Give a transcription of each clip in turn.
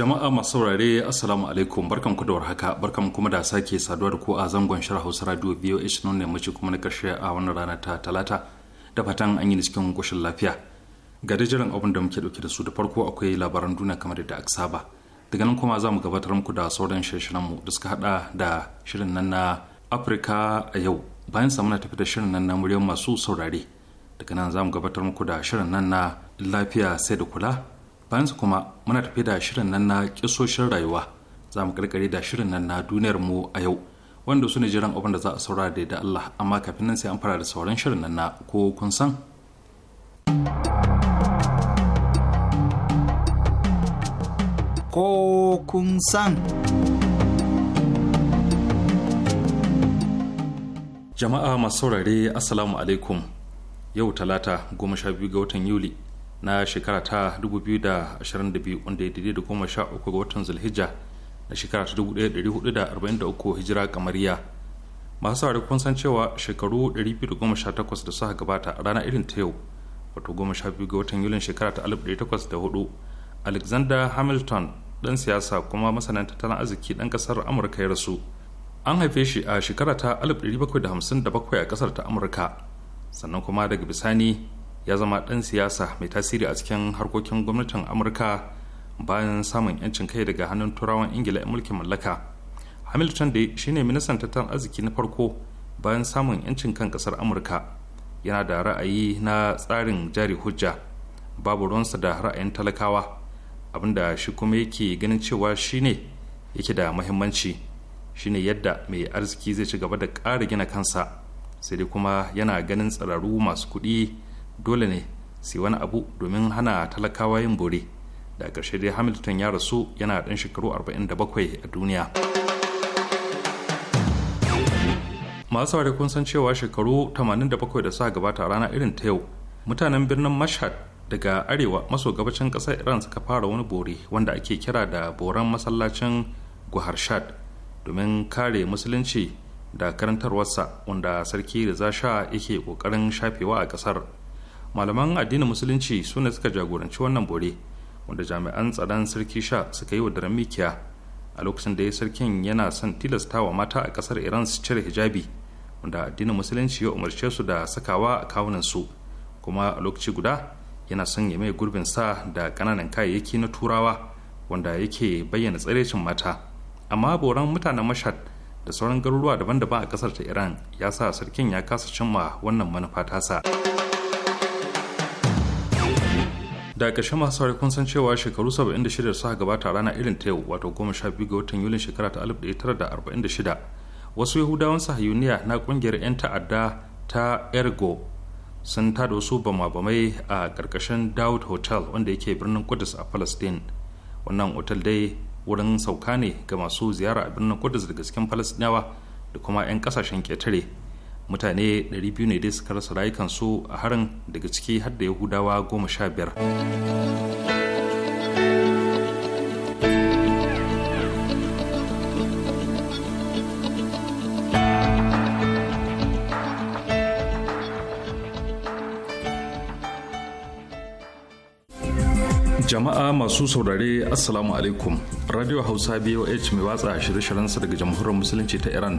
jama'a masu saurare assalamu alaikum barkan ku da warhaka barkan kuma da sake saduwa da ku a zangon shirin hausa radio voh nan ne mace kuma na karshe a wannan rana ta talata da fatan an yi cikin koshin lafiya ga jiran abin da muke dauke da su da farko akwai labaran duniya kamar da aka saba daga nan kuma za mu gabatar muku da sauran shirin mu da suka hada da shirin nan na afirka a yau bayan samuna tafi da shirin nan na muryar masu saurare daga nan za mu gabatar muku da shirin nan na lafiya sai da kula bayansu kuma muna tafi da shirin nan na kisoshin rayuwa za mu karkare da shirin nan na duniyar mu a yau wanda su ne jiran abin da za a saurara da Allah amma kafin nan sai an fara da sauran shirin nan na ko kun san ko kun san jama'a masu saurare assalamu alaikum yau talata goma sha biyu ga watan yuli na shekara ta 2022 wanda ya daidai da goma sha uku ga watan zulhijja na shekara ta 1443 hijira kamariya masu saurari kun san cewa shekaru 218 da suka gabata a rana irin ta yau wato goma sha biyu ga watan yulin shekara ta 1804 alexander hamilton dan siyasa kuma masanin tattalin arziki dan kasar amurka ya rasu an haife shi a shekara ta 1757 a kasar ta amurka sannan kuma daga bisani ya zama ɗan siyasa mai tasiri a cikin harkokin gwamnatin amurka bayan samun 'yancin kai daga hannun turawan ingila mulkin mallaka hamilton da shine ministan tattalin arziki na farko bayan samun 'yancin kan kasar amurka yana da ra'ayi na tsarin jari hujja babu ruwansa da ra'ayin talakawa abinda shi kuma yake ganin cewa shine yake da muhimmanci shine yadda mai arziki zai ci gaba da ƙara gina kansa sai dai kuma yana ganin tsararru masu kuɗi dole ne su wani abu domin hana talakawa yin bore da ƙarshe dai hamilton ya rasu yana dan shekaru 47 a duniya masu saurari kun san cewa shekaru 87 da suka gabata rana irin ta yau mutanen birnin mashhad daga arewa maso gabacin ƙasar iran suka fara wani bore wanda ake kira da boran masallacin guharshad domin kare musulunci da karantarwarsa wanda sarki da zasha yake ƙoƙarin shafewa a ƙasar malaman addinin musulunci su ne suka jagoranci wannan bore wanda jami'an tsaron sarki sha suka yi wa daren mikiya a lokacin da ya sarkin yana son tilasta wa mata a kasar iran su cire hijabi wanda addinin musulunci ya umarce su da sakawa a kawunan su kuma a lokaci guda yana son ya mai gurbin sa da kananan kayayyaki na turawa wanda yake bayyana tsarecin mata amma boran mutanen mashad da sauran garuruwa daban-daban a kasar ta iran ya sa sarkin ya kasa cimma wannan manufa tasa. da ƙarshe masu saurari kun san cewa shekaru 76 suka gabata rana irin ta yau wato 12 ga watan yulin shekara ta 1946 wasu yahudawan sahayuniya na kungiyar 'yan ta'adda ta ergo sun tada wasu bama-bamai a ƙarƙashin daud hotel wanda yake birnin kudus a palestine wannan otal dai wurin sauka ne ga masu ziyara a birnin kudus daga cikin palestinawa da kuma 'yan ƙasashen ƙetare mutane 200 ne dai suka rasa rayukansu a harin daga ciki har da yahudawa goma sha biyar jama'a masu saurare assalamu alaikum radio hausa boh mai watsa shirye-shiryensa daga jamhuriyar musulunci ta iran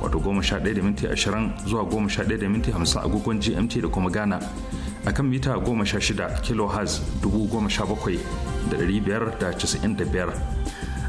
wato goma sha ɗaya da minti ashirin zuwa goma sha ɗaya da minti hamsin agogon gmt da kuma ghana akan mita goma sha shida kilohertz dubu goma sha bakwai da ɗari biyar da casa'in da biyar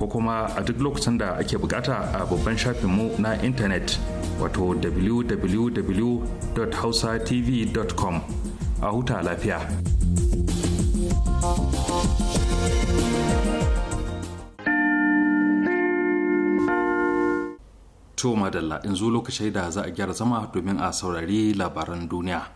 ko kuma a duk lokacin da ake bukata a babban shafinmu na intanet wato www.hausatv.com a huta lafiya. To madalla in zo lokacin da za a gyara zama domin a saurari labaran duniya.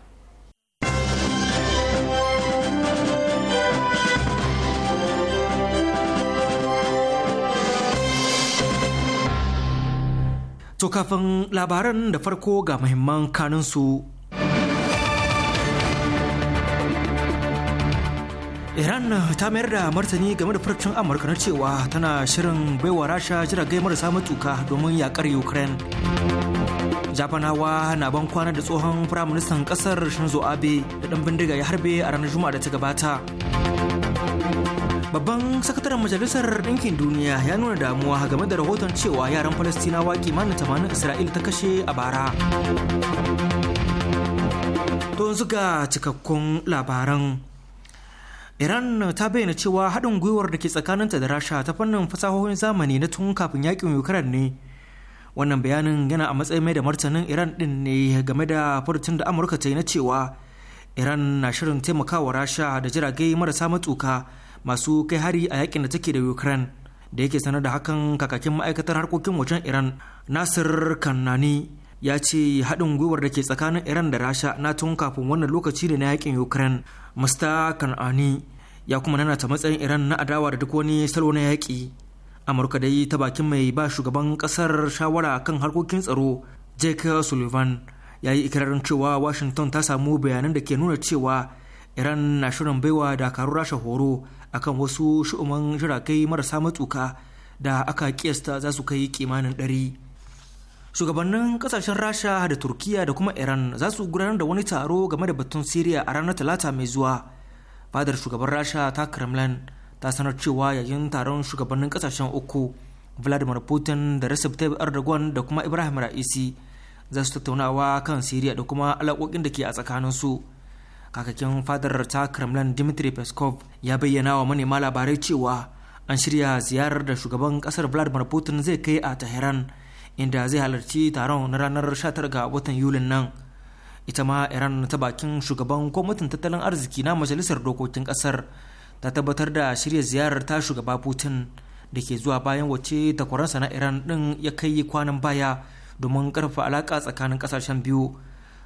To kafin labaran da farko ga muhimman kanunsu. Iran ta mayar da martani game da furcin Amurka na cewa tana shirin baiwa rasha jiragai marasa matuka domin yakar Ukraine. Japanawa na ban kwana da tsohon firaministan ƙasar Shinzo Abe da ɗan bindiga ya harbe a ranar Juma'a da ta gabata. babban sakataren majalisar ɗinkin duniya ya nuna damuwa game da rahoton cewa yaran falastinawa kimanin tamanin isra'il ta kashe a bara don zuga cikakkun labaran iran ta bayyana cewa haɗin gwiwar da ke tsakaninta da rasha ta fannin fasahohin zamani na tun kafin yakin ukraine ne wannan bayanin yana a matsayin mai da martanin iran ɗin ne game da furtun da amurka ta yi na cewa iran na shirin taimakawa rasha da jirage marasa matsuka masu kai hari a yakin da take da ukraine da yake sanar da hakan kakakin ma'aikatar harkokin wajen iran nasir kanani ya ce haɗin gwiwar da ke tsakanin iran da rasha na tun kafin wannan lokaci da na yakin ukraine musta kanani ya kuma nana ta matsayin iran na adawa da duk wani salo na yaƙi amurka dai ta bakin mai ba shugaban ƙasar shawara kan harkokin tsaro jake sullivan ya yi ikirarin cewa washington ta samu bayanan da ke nuna cewa iran na shirin baiwa dakarun rasha horo akan wasu shu'uman jirakai marasa matuka da aka kiyasta za su kai kimanin ɗari shugabannin kasashen rasha da turkiya da kuma iran za su gudanar da wani taro game da batun siriya a ranar talata mai zuwa fadar shugaban rasha ta kremlin ta sanar cewa yayin taron shugabannin kasashen uku vladimir putin da recep tayyip erdogan da kuma ibrahim ra'isi za su tattaunawa kan siriya da kuma alaƙoƙin da ke a tsakaninsu su kakakin fadar ta kremlin dmitry peskov ya bayyana wa manema labarai cewa an shirya ziyarar da shugaban kasar vladimir putin zai kai a tehran inda zai halarci taron na ranar 19 ga watan yulin nan ita ma iran ta bakin shugaban kwamitin tattalin arziki na majalisar dokokin kasar ta tabbatar da shirya ziyarar ta shugaba putin da ke zuwa bayan wace takwaransa na iran din ya kai kwanan baya domin karfa alaka tsakanin kasashen biyu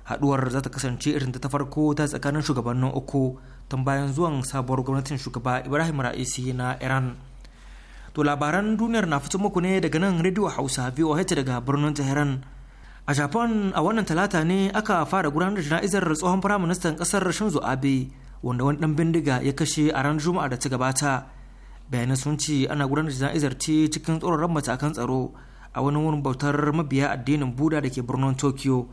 haduwar za ta kasance irin ta farko ta tsakanin shugabannin uku tun bayan zuwan sabuwar gwamnatin shugaba ibrahim ra'isi na iran to labaran duniyar na fito muku ne daga nan rediyo hausa voh daga birnin tehran a japan a wannan talata ne aka fara gudanar jana'izar tsohon firaministan kasar shinzo abe wanda wani dan bindiga ya kashe a ran juma'a da ta gabata bayanai sun ce ana gudanar jana'izar ce cikin tsoron matakan tsaro a wani wurin bautar mabiya addinin buda da ke birnin tokyo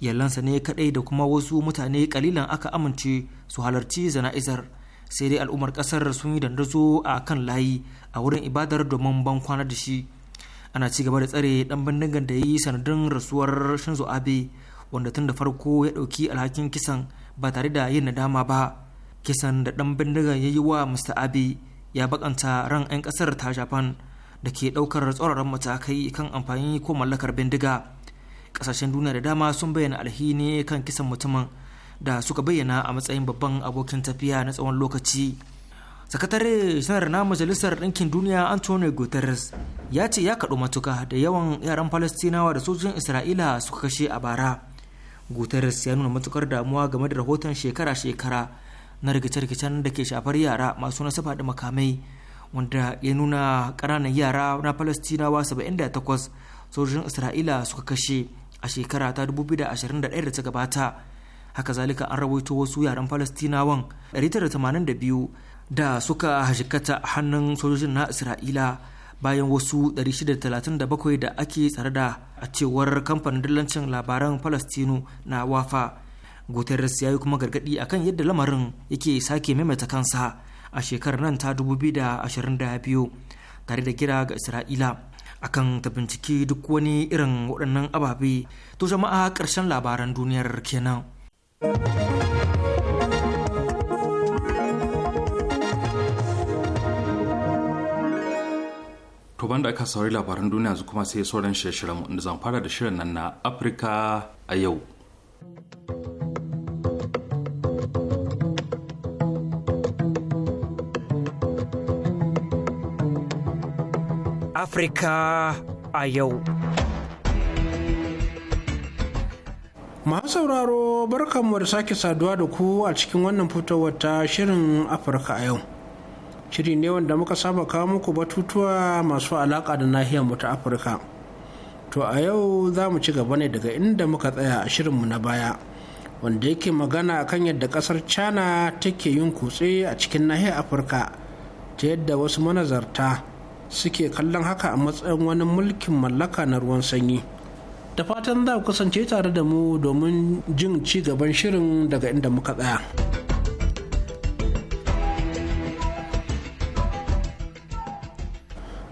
yallansa ne kadai da kuma wasu mutane kalilan aka amince su halarci zana'izar sai dai al'ummar kasar sun yi dandazo a kan layi a wurin ibadar domin ban kwana da shi ana ci gaba da tsare dan bindigan da ya yi sanadin rasuwar shinzo abe wanda tun da farko ya ɗauki alhakin kisan ba tare da yin nadama ba kisan da dan bindigan ya yi wa mr abe ya bakanta ran 'yan kasar ta japan da ke ɗaukar tsoron matakai kan amfani ko mallakar bindiga kasashen duniya da dama sun bayyana alhini kan kisan mutumin da suka bayyana a matsayin babban abokin tafiya na tsawon lokaci sakatare sanar na majalisar ɗinkin duniya antonio guterres ya ce ya kaɗu matuka da yawan yaran falastinawa da sojojin isra'ila suka kashe a bara guterres ya nuna matukar damuwa game da rahoton shekara-shekara na rikice-rikicen da ke shafar yara masu nasaba da makamai wanda ya nuna ƙananan yara na falastinawa 78 sojojin isra'ila suka kashe a shekara ta 2021 da ta gabata haka zalika an rawaito wasu yaren falastinawan 982 da suka hajikata hannun sojojin na isra'ila bayan wasu 637 da ake tsare da a cewar kamfanin dillancin labaran falastinu na wafa guterres ya yi kuma gargadi akan yadda lamarin yake sake maimaita kansa a shekarar nan ta 2022 tare da kira ga isra'ila akan ta binciki duk wani irin waɗannan ababe to jama'a ƙarshen labaran duniyar kenan. To banda aka saurari labaran duniya su kuma sai sauran shirye-shiryen inda zan fara da shirin nan na Afirka a yau. Afirka a yau. Masu sauraro barkanmu da sake saduwa da ku a cikin wannan fitowar ta shirin Afirka a yau. Shiri ne wanda muka saba kawo muku batutuwa masu alaƙa da nahiyar mu ta Afirka. To a yau za mu ci gaba ne daga inda muka tsaya a shirinmu na baya. Wanda yake magana kan yadda ƙasar China take yin kutse a cikin nahiyar Afirka ta yadda wasu manazarta suke kallon haka a matsayin wani mulkin mallaka na ruwan sanyi da fatan za ku kasance tare da mu domin jin ci gaban shirin daga inda muka tsaya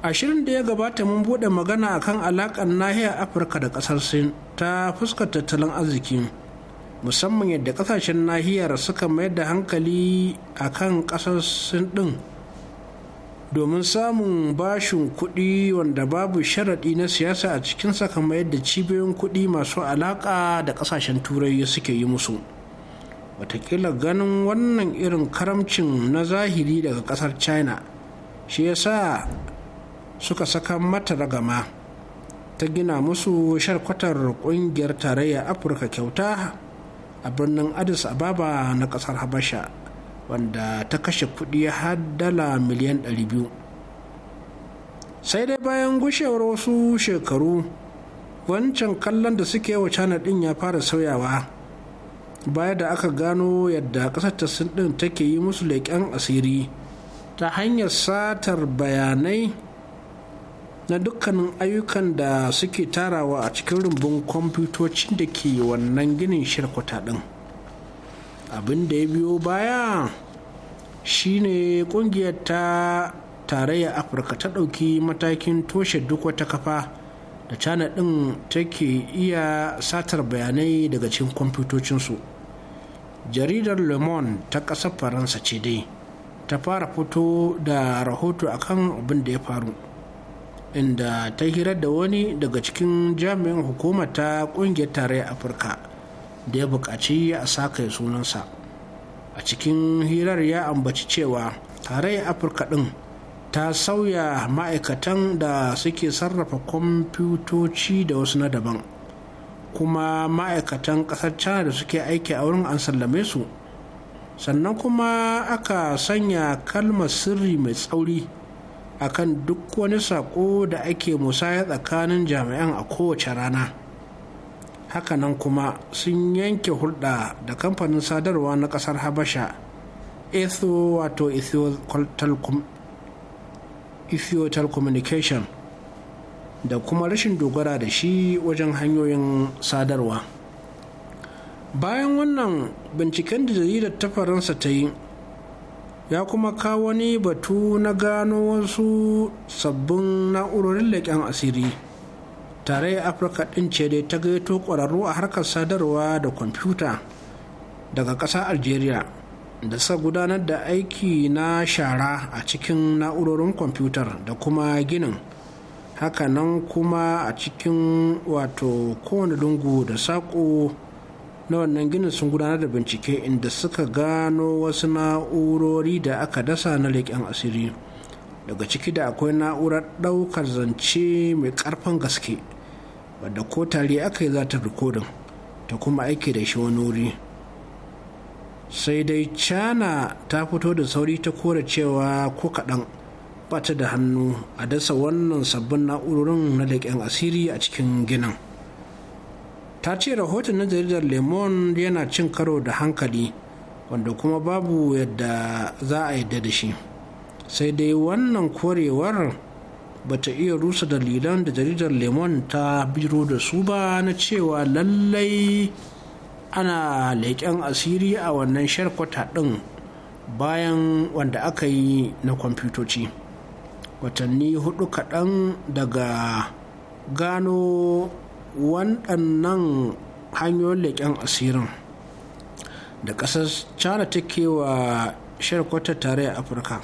a shirin da ya gabata mun bude magana akan alakan nahiyar afirka da kasar sin ta fuskar tattalin arziki musamman yadda kasashen nahiyar suka mayar da hankali akan kasar sin din domin samun bashin kuɗi wanda babu sharaɗi na siyasa a cikin kamar yadda cibiyoyin kuɗi masu alaƙa da ƙasashen turai suke yi musu watakila ganin wannan irin karamcin na zahiri daga ƙasar china shi ya sa suka saka mata ragama ta gina musu sharkwatar ƙungiyar tarayyar afirka kyauta a birnin addis ababa na ƙasar habasha wanda ta kashe kudi har dala miliyan 200 sai dai bayan gushewar wasu shekaru wancan kallon da suke wa china din ya fara sauyawa baya da aka gano yadda kasar ta din take yi musu leƙen asiri ta hanyar satar bayanai na dukkanin ayyukan da suke tarawa a cikin rumbun kwamfutocin da ke wannan ginin shirkwata ɗin. abin da ya biyo baya shine kungiyar ta tarayyar afirka ta ɗauki matakin toshe duk wata kafa da china ɗin take iya satar bayanai daga cikin kwamfutocinsu jaridar le monde ta ƙasar faransa ce dai ta fara fito da rahoto akan abin da ya faru inda ta hira da wani daga cikin jami'in hukumar ta ƙungiyar tarayyar afirka da ya buƙaci a saka ya sunansa a cikin hirar ya ambaci cewa tarayyar afirka ɗin ta sauya ma'aikatan da suke sarrafa kwamfutoci da wasu na daban kuma ma'aikatan ƙasar china da suke aiki a wurin an sallame su sannan kuma aka sanya kalmar sirri mai tsauri akan duk wani sako da ake musaya tsakanin jami'an a kowace rana hakanan kuma sun yanke hulɗa da kamfanin sadarwa na ƙasar habasha etho wato ethio telecommunication da kuma rashin dogara da shi wajen hanyoyin sadarwa bayan wannan binciken da jaridar ta faransa ta yi ya kuma kawo wani batu na gano wasu sabbin na'urorin leƙen asiri tarayyar afirka ɗin ce dai ta gaito ƙwararru a harkar sadarwa da kwamfuta daga ƙasa algeria da sa gudanar da aiki na shara a cikin na'urorin kwamfutar da kuma ginin hakanan kuma a cikin wato kowane lungu da saƙo na wannan ginin sun gudanar da bincike inda suka gano wasu na'urori da aka dasa na leƙen asiri daga ciki da akwai na'urar ɗaukar zance mai ƙarfin gaske wadda ko tare aka yi zata rikodin ta kuma aiki da shi wani wuri sai dai Cana ta fito da sauri ta kora cewa ko kaɗan bata da hannu a dasa wannan sabbin na'urorin na leƙen asiri a cikin ginin ta ce rahoton na jaridar lemon yana cin karo da hankali wanda kuma babu yadda za a yadda da shi sai dai wannan korewar bata iya rusa dalilan da jaridar lemon ta biro da su ba na cewa lallai ana leƙen asiri a wannan sharkwata ɗin bayan wanda aka yi na kwamfutoci watanni hudu kaɗan daga gano waɗannan hanyoyin leƙen asirin da ƙasar china take wa sharkwata tare a afirka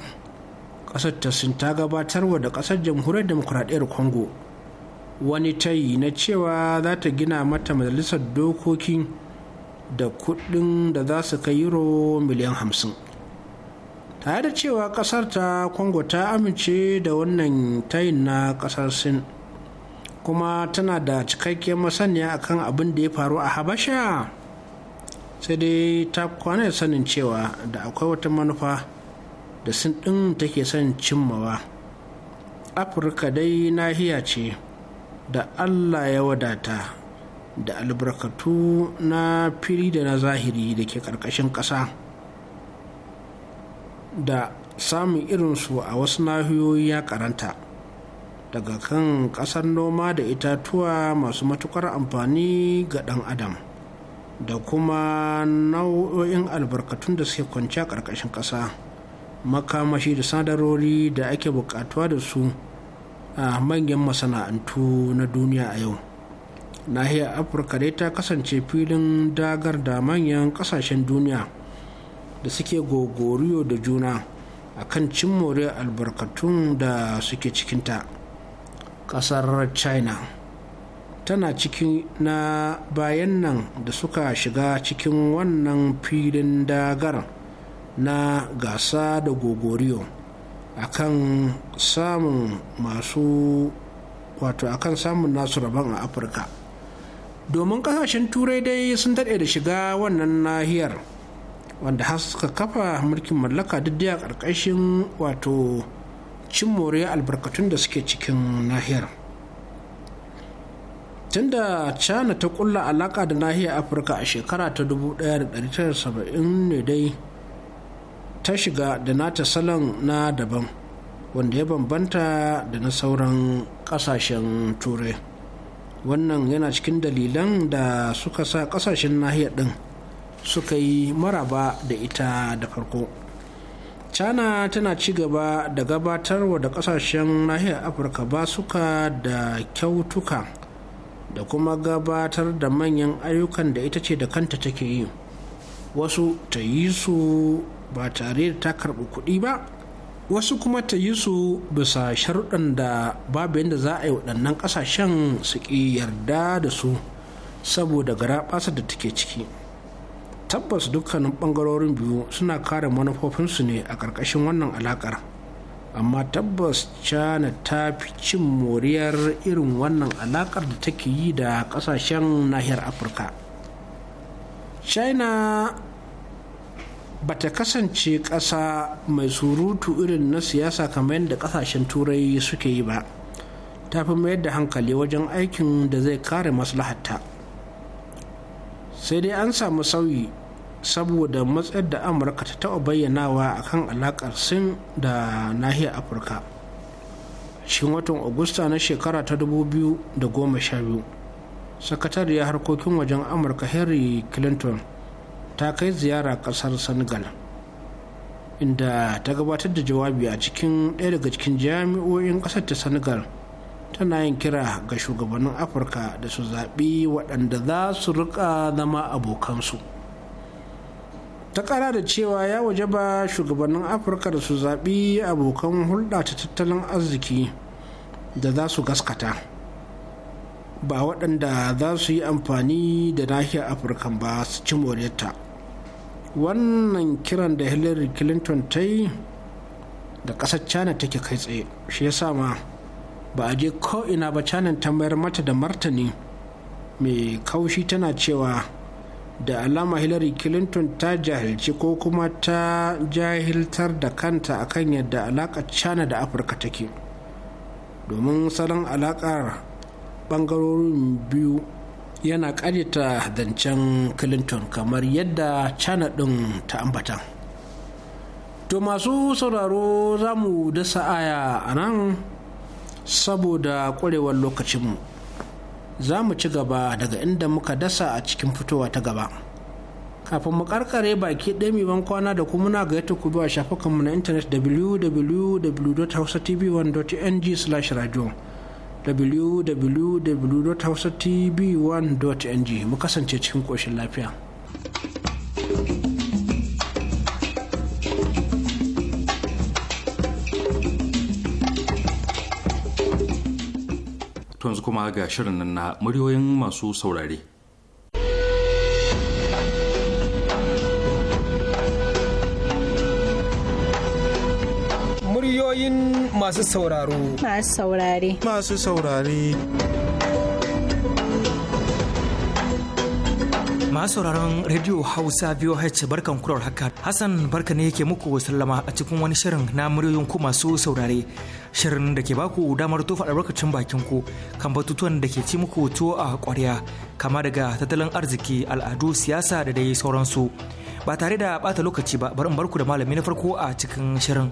Kasar ta sun ta gabatarwa da ƙasar jamhuriyar demokuraɗiyar congo wani tayi na cewa za ta gina mata majalisar dokokin da kuɗin da za su kai euro miliyan hamsin tare da cewa ƙasar ta congo ta amince da wannan tayin na ƙasar sin kuma tana da cikakken masaniya akan abin da ya faru a habasha sai dai ta kwana sanin cewa da akwai wata manufa da sin ɗin take son cimmawa afirka dai nahiya ce da allah ya wadata da albarkatu na fili da na zahiri da ke ƙarƙashin ƙasa da samun irinsu a wasu nahiyoyi ya karanta daga kan ƙasar noma da itatuwa masu matuƙar amfani ga ɗan adam da kuma nau'o'in albarkatun da suke kwanci a ƙarƙashin ƙasa makamashi da sadarori da ake bukatuwa da su a manyan masana'antu na duniya a yau nahiyar afirka dai ta kasance filin dagar da manyan kasashen duniya da suke gogoriyo da juna a kan cimmore albarkatun da suke cikinta kasar china tana cikin na bayan nan da suka shiga cikin wannan filin dagar na gasa da gogoriyo akan samun masu wato kan samun nasu rabon a afirka domin kasashen turai dai sun daɗe da shiga wannan nahiyar wanda har suka kafa mulkin mallaka duk da ƙarƙashin wato cin moriya albarkatun da suke cikin nahiyar tunda china ta ƙulla alaƙa da nahiyar afirka a shekara ta 1970 ne dai ta shiga da nata salon na daban wanda ya bambanta da na sauran kasashen turai wannan yana cikin dalilan da suka sa kasashen nahiyar din suka yi maraba da ita da farko china tana ci gaba da gabatarwa da kasashen nahiyar afirka ba suka da kyautuka da kuma gabatar da manyan ayyukan da ita ce da kanta take yi wasu ta yi su ba tare da ta karɓi kuɗi ba wasu kuma ta yi su bisa sharuɗan da babu yadda za a yi waɗannan ƙasashen su ƙi yarda da su saboda gara da take ciki tabbas dukkanin ɓangarorin biyu suna kare manufofinsu ne a ƙarƙashin wannan alaƙar amma tabbas china ta fi cin moriyar irin wannan alaƙar da take yi da ƙasashen nahiyar afirka china bata kasance ƙasa mai surutu irin na siyasa kamar yadda ƙasashen turai suke yi ba ta fi mayar da hankali wajen aikin da zai kare maslahatta sai dai an samu sauyi saboda matsayar da amurka ta taɓa bayyanawa a kan alaƙar sin da nahiyar afirka cikin watan agusta na shekara ta 2012 sakatariyar harkokin wajen amurka henry clinton ta kai ziyara kasar senegal inda ta gabatar da jawabi a cikin ɗaya daga cikin jami'o'in ƙasar ta senegal tana yin kira ga shugabannin afirka da su zaɓi waɗanda za su riƙa zama abokansu ta ƙara da cewa ya waje ba shugabannin afirka da su zaɓi abokan hulɗa ta tattalin arziki da za su gaskata ba waɗanda za su yi amfani da nahiyar afirka ba su ci moriyarta wannan kiran da hillary clinton ta yi da ƙasar china take kai tsaye shi ya sa ma ba a je ko'ina ba china ta mayar mata da martani mai kaushi tana cewa da alama hillary clinton ta jahilci ko kuma ta jahiltar da kanta akan yadda alaƙar china da afirka take domin salon alaƙar bangarorin biyu yana karyata zancen clinton kamar yadda china ɗin ta ambata to masu sauraro za mu dasa aya a nan saboda ƙwarewar lokacinmu za mu ci gaba daga inda muka dasa a cikin fitowa ta gaba kafin mu karkare baki ɗaya mai ban kwana da kuma na ga ku a shafukanmu na intanet www.hausatv1.ng/radio www.hausatv1.ng mu kasance cikin ƙoshin lafiya. yanzu kuma ga shirin nan na muryoyin masu saurare. Muryoyin masu sauraro. Masu saurare. Masu saurare. masu sauraron radio hausa VOH barkan kurar haka hassan barka ne yake muku sallama a cikin wani shirin na muryoyin ku masu saurare shirin da ke baku damar tofa albarkacin bakin ku kan batutuwan da ke ci muku tuwo a kwarya kama daga tattalin arziki al'adu siyasa da dai sauransu ba tare da bata lokaci ba bari in barku da malami na farko a cikin shirin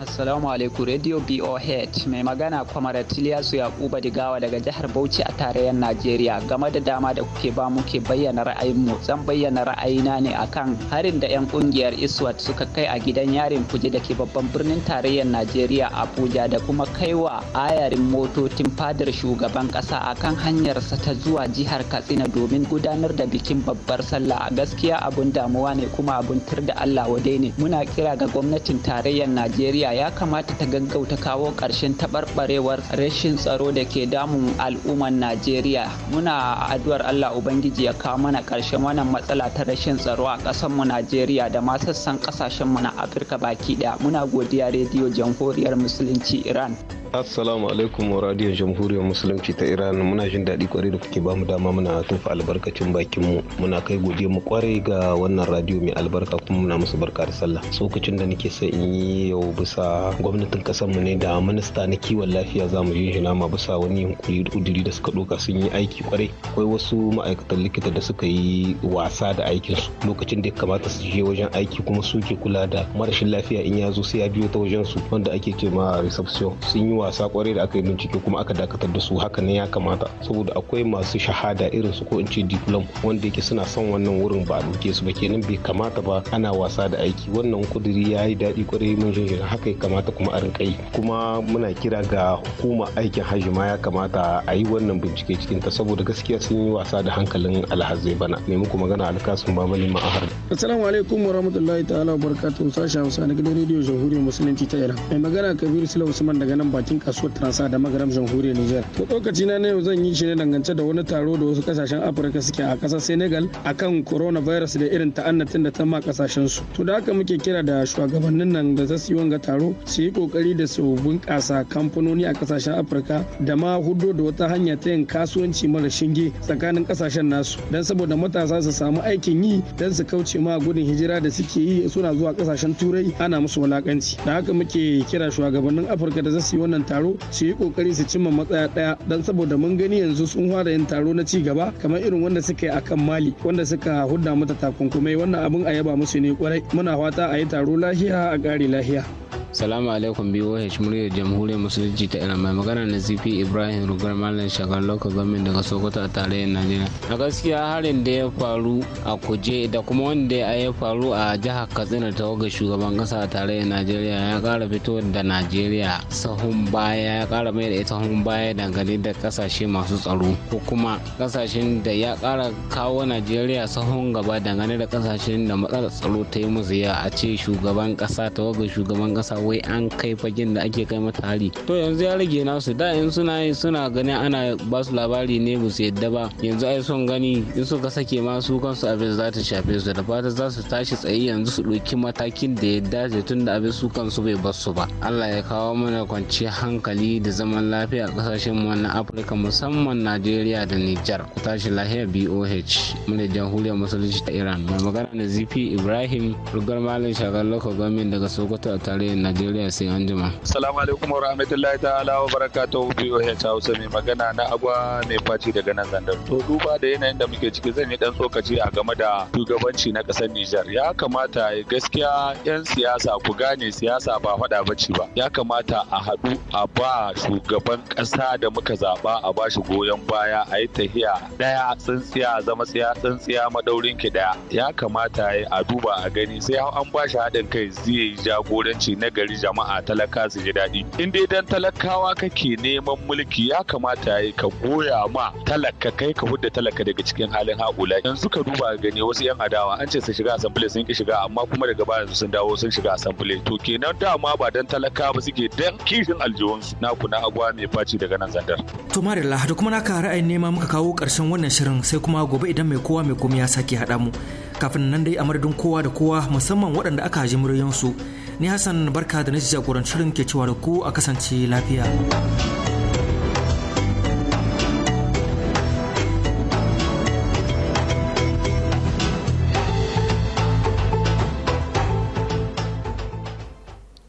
Assalamu alaikum Radio BOH mai magana kwamara Tiliyasu Yakuba Digawa daga jihar Bauchi a tarayyar Najeriya game da dama da kuke ba muke bayyana ra'ayinmu zan bayyana ra'ayina ne akan harin da 'yan kungiyar ISWAT suka kai a gidan yarin kuje da ke babban birnin tarayyar Najeriya Abuja da kuma kaiwa ayarin motocin fadar shugaban kasa akan hanyarsa ta zuwa jihar Katsina domin gudanar da bikin babbar sallah a gaskiya abun damuwa ne kuma abun tur Allah wadai ne muna kira ga gwamnatin tarayyar Najeriya ya kamata ta gaggauta kawo ƙarshen taɓarɓarewar rashin tsaro da ke damun al'ummar najeriya muna addu'ar allah ubangiji ya kawo mana ƙarshen wannan matsala ta rashin tsaro a ƙasarmu najeriya da ma sassan ƙasashen mu na afirka baki ɗaya muna godiya rediyo jamhuriyar musulunci iran Assalamu alaikum wa radiyon jamhuriyar musulunci ta Iran muna jin daɗi kwarai da kuke bamu dama muna tufa albarkacin bakin mu muna kai godiya mu kwarai ga wannan radiyo mai albarka kuma muna musu barka da sallah tsokacin da nake sa in yi yau bisa gwamnatin kasar mu ne da minista na kiwon lafiya za mu jinjina ma bisa wani yunkuri kuduri da suka doka sun yi aiki kwarai akwai wasu ma'aikatan likita da suka yi wasa da aikin su lokacin da ya kamata su je wajen aiki kuma suke kula da marashin lafiya in ya zo sai ya biyo ta wajen su wanda ake ce ma reception sun yi wasa kwarai da aka yi bincike kuma aka dakatar da su haka ne ya kamata saboda akwai masu shahada irin su ko in ce diplom wanda yake suna son wannan wurin ba a ɗauke su ba kenan bai kamata ba ana wasa da aiki wannan kuduri ya yi daɗi kwarai mun jinjina haka ya kamata kuma a rinka yi kuma muna kira ga hukuma aikin hajji ma ya kamata a yi wannan bincike cikin ta saboda gaskiya sun yi wasa da hankalin alhazai bana ne muku magana alkasun mani ma'ahar. assalamu alaikum wa rahmatullahi ta'ala wa barakatuhu sashen hausa na gidan rediyo jamhuriyar musulunci ta iran mai magana kabiru sula usman daga nan baki bakin kasuwar transa da magaram jamhuriyar niger to lokaci na yau zan yi shi ne dangance da wani taro da wasu kasashen afirka suke a kasar senegal akan coronavirus da irin ta'annatin da ta ma kasashen su to da haka muke kira da shugabannin nan da za su yi wanga taro su yi kokari da su bunkasa kamfanoni a kasashen afirka da ma hudo da wata hanya ta yin kasuwanci mara shinge tsakanin kasashen nasu dan saboda matasa su samu aikin yi dan su kauce ma gudun hijira da suke yi suna zuwa kasashen turai ana musu wulakanci da haka muke kira shugabannin afirka da za su yi wannan wannan taro su yi kokari su cimma matsaya daya dan saboda mun gani yanzu sun fara yin taro na ci gaba kamar irin wanda suka yi akan mali wanda suka hudda mata takunkumai wannan abin a yaba musu ne kwarai muna fata a yi taro lahiya a kare lahiya salamu alaikum boh muryar jamhuriyar musulunci ta iran mai magana na zp ibrahim rugar malam shagar local government daga sokoto a tarayyar najeriya a gaskiya harin da ya faru a kuje da kuma wanda ya faru a jihar katsina ta waga shugaban kasa a tarayyar najeriya ya kara fito da najeriya sahun baya ya kara mai da ita sahun baya dangane da kasashe masu tsaro ko kuma kasashen da ya kara kawo najeriya sahun gaba dangane da kasashen da matsalar tsaro ta yi musu yawa a ce shugaban kasa ta waga shugaban kasa wai an kai fagen da ake kai mata hari to yanzu ya rage nasu da in suna suna ganin ana ba su labari ne ba su yadda ba yanzu ai son gani in suka sake ma su kansu abin za ta shafe su da fata za su tashi tsaye yanzu su ɗauki matakin da ya dace tun da abin su kansu bai bar su ba Allah ya kawo mana kwanciyar hankali da zaman lafiya a kasashen mu na Afirka musamman Najeriya da Nijar ku tashi lahiya BOH mu da jamhuriyar musulunci ta Iran mai magana da ZP Ibrahim rugar malam shagar lokacin daga Sokoto a tarayyar Najeriya sai jima. Salamu alaikum wa rahmatullahi ta'ala wa wa BOH Hausa mai magana na agwa mai faci daga nan zandar. To duba da yanayin da muke ciki zan yi dan tsokaci a game da shugabanci na kasar Nijar. Ya kamata gaskiya 'yan siyasa ku gane siyasa ba faɗa bace ba. Ya kamata a haɗu a ba shugaban ƙasa da muka zaɓa a ba shi goyon baya a yi tahiya ɗaya tsintsiya zama tsiya tsintsiya madaurin ki ɗaya. Ya kamata a duba a gani sai an ba shi haɗin kai zai yi jagoranci na gari jama'a talaka su ji daɗi in dai dan talakawa kake neman mulki ya kamata ya ka goya ma talaka kai ka hudda talaka daga cikin halin haƙula yanzu ka duba gani wasu yan adawa an ce su shiga asambile sun ki shiga amma kuma daga baya sun dawo sun shiga asambile to kenan dama ba dan talaka ba suke dan kishin aljihunsu na kuna agwa mai faci daga nan zandar. to marilla da kuma naka ra'ayin nema muka kawo ƙarshen wannan shirin sai kuma gobe idan mai kowa mai komai ya sake haɗa mu kafin nan dai a kowa da kowa musamman waɗanda aka ji muryoyinsu ni hassan barka da na shirin ke cewa da ku a kasance lafiya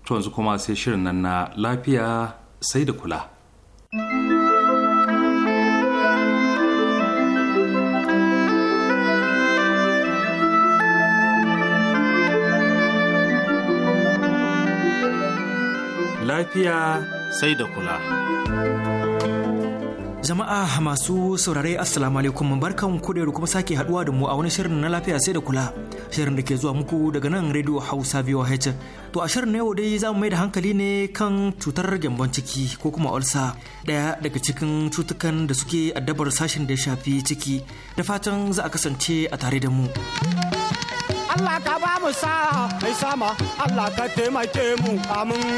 to yanzu kuma sai shirin nan na lafiya sai da kula. Lafiya sai da kula. Jama'a masu saurare Assalamu alaikum barkan ku da kuma sake haduwa da mu a wani shirin na lafiya sai da kula. Shirin da ke zuwa muku daga nan Radio Hausa VOH. To a shirin na yau dai za mu mai da hankali ne kan cutar gyambon ciki ko kuma ulsa daya daga cikin cutukan da suke addabar sashen da ya shafi ciki da fatan za a kasance a tare da mu. Allah ka ba mu sa'a mai sama Allah ka taimake mu amin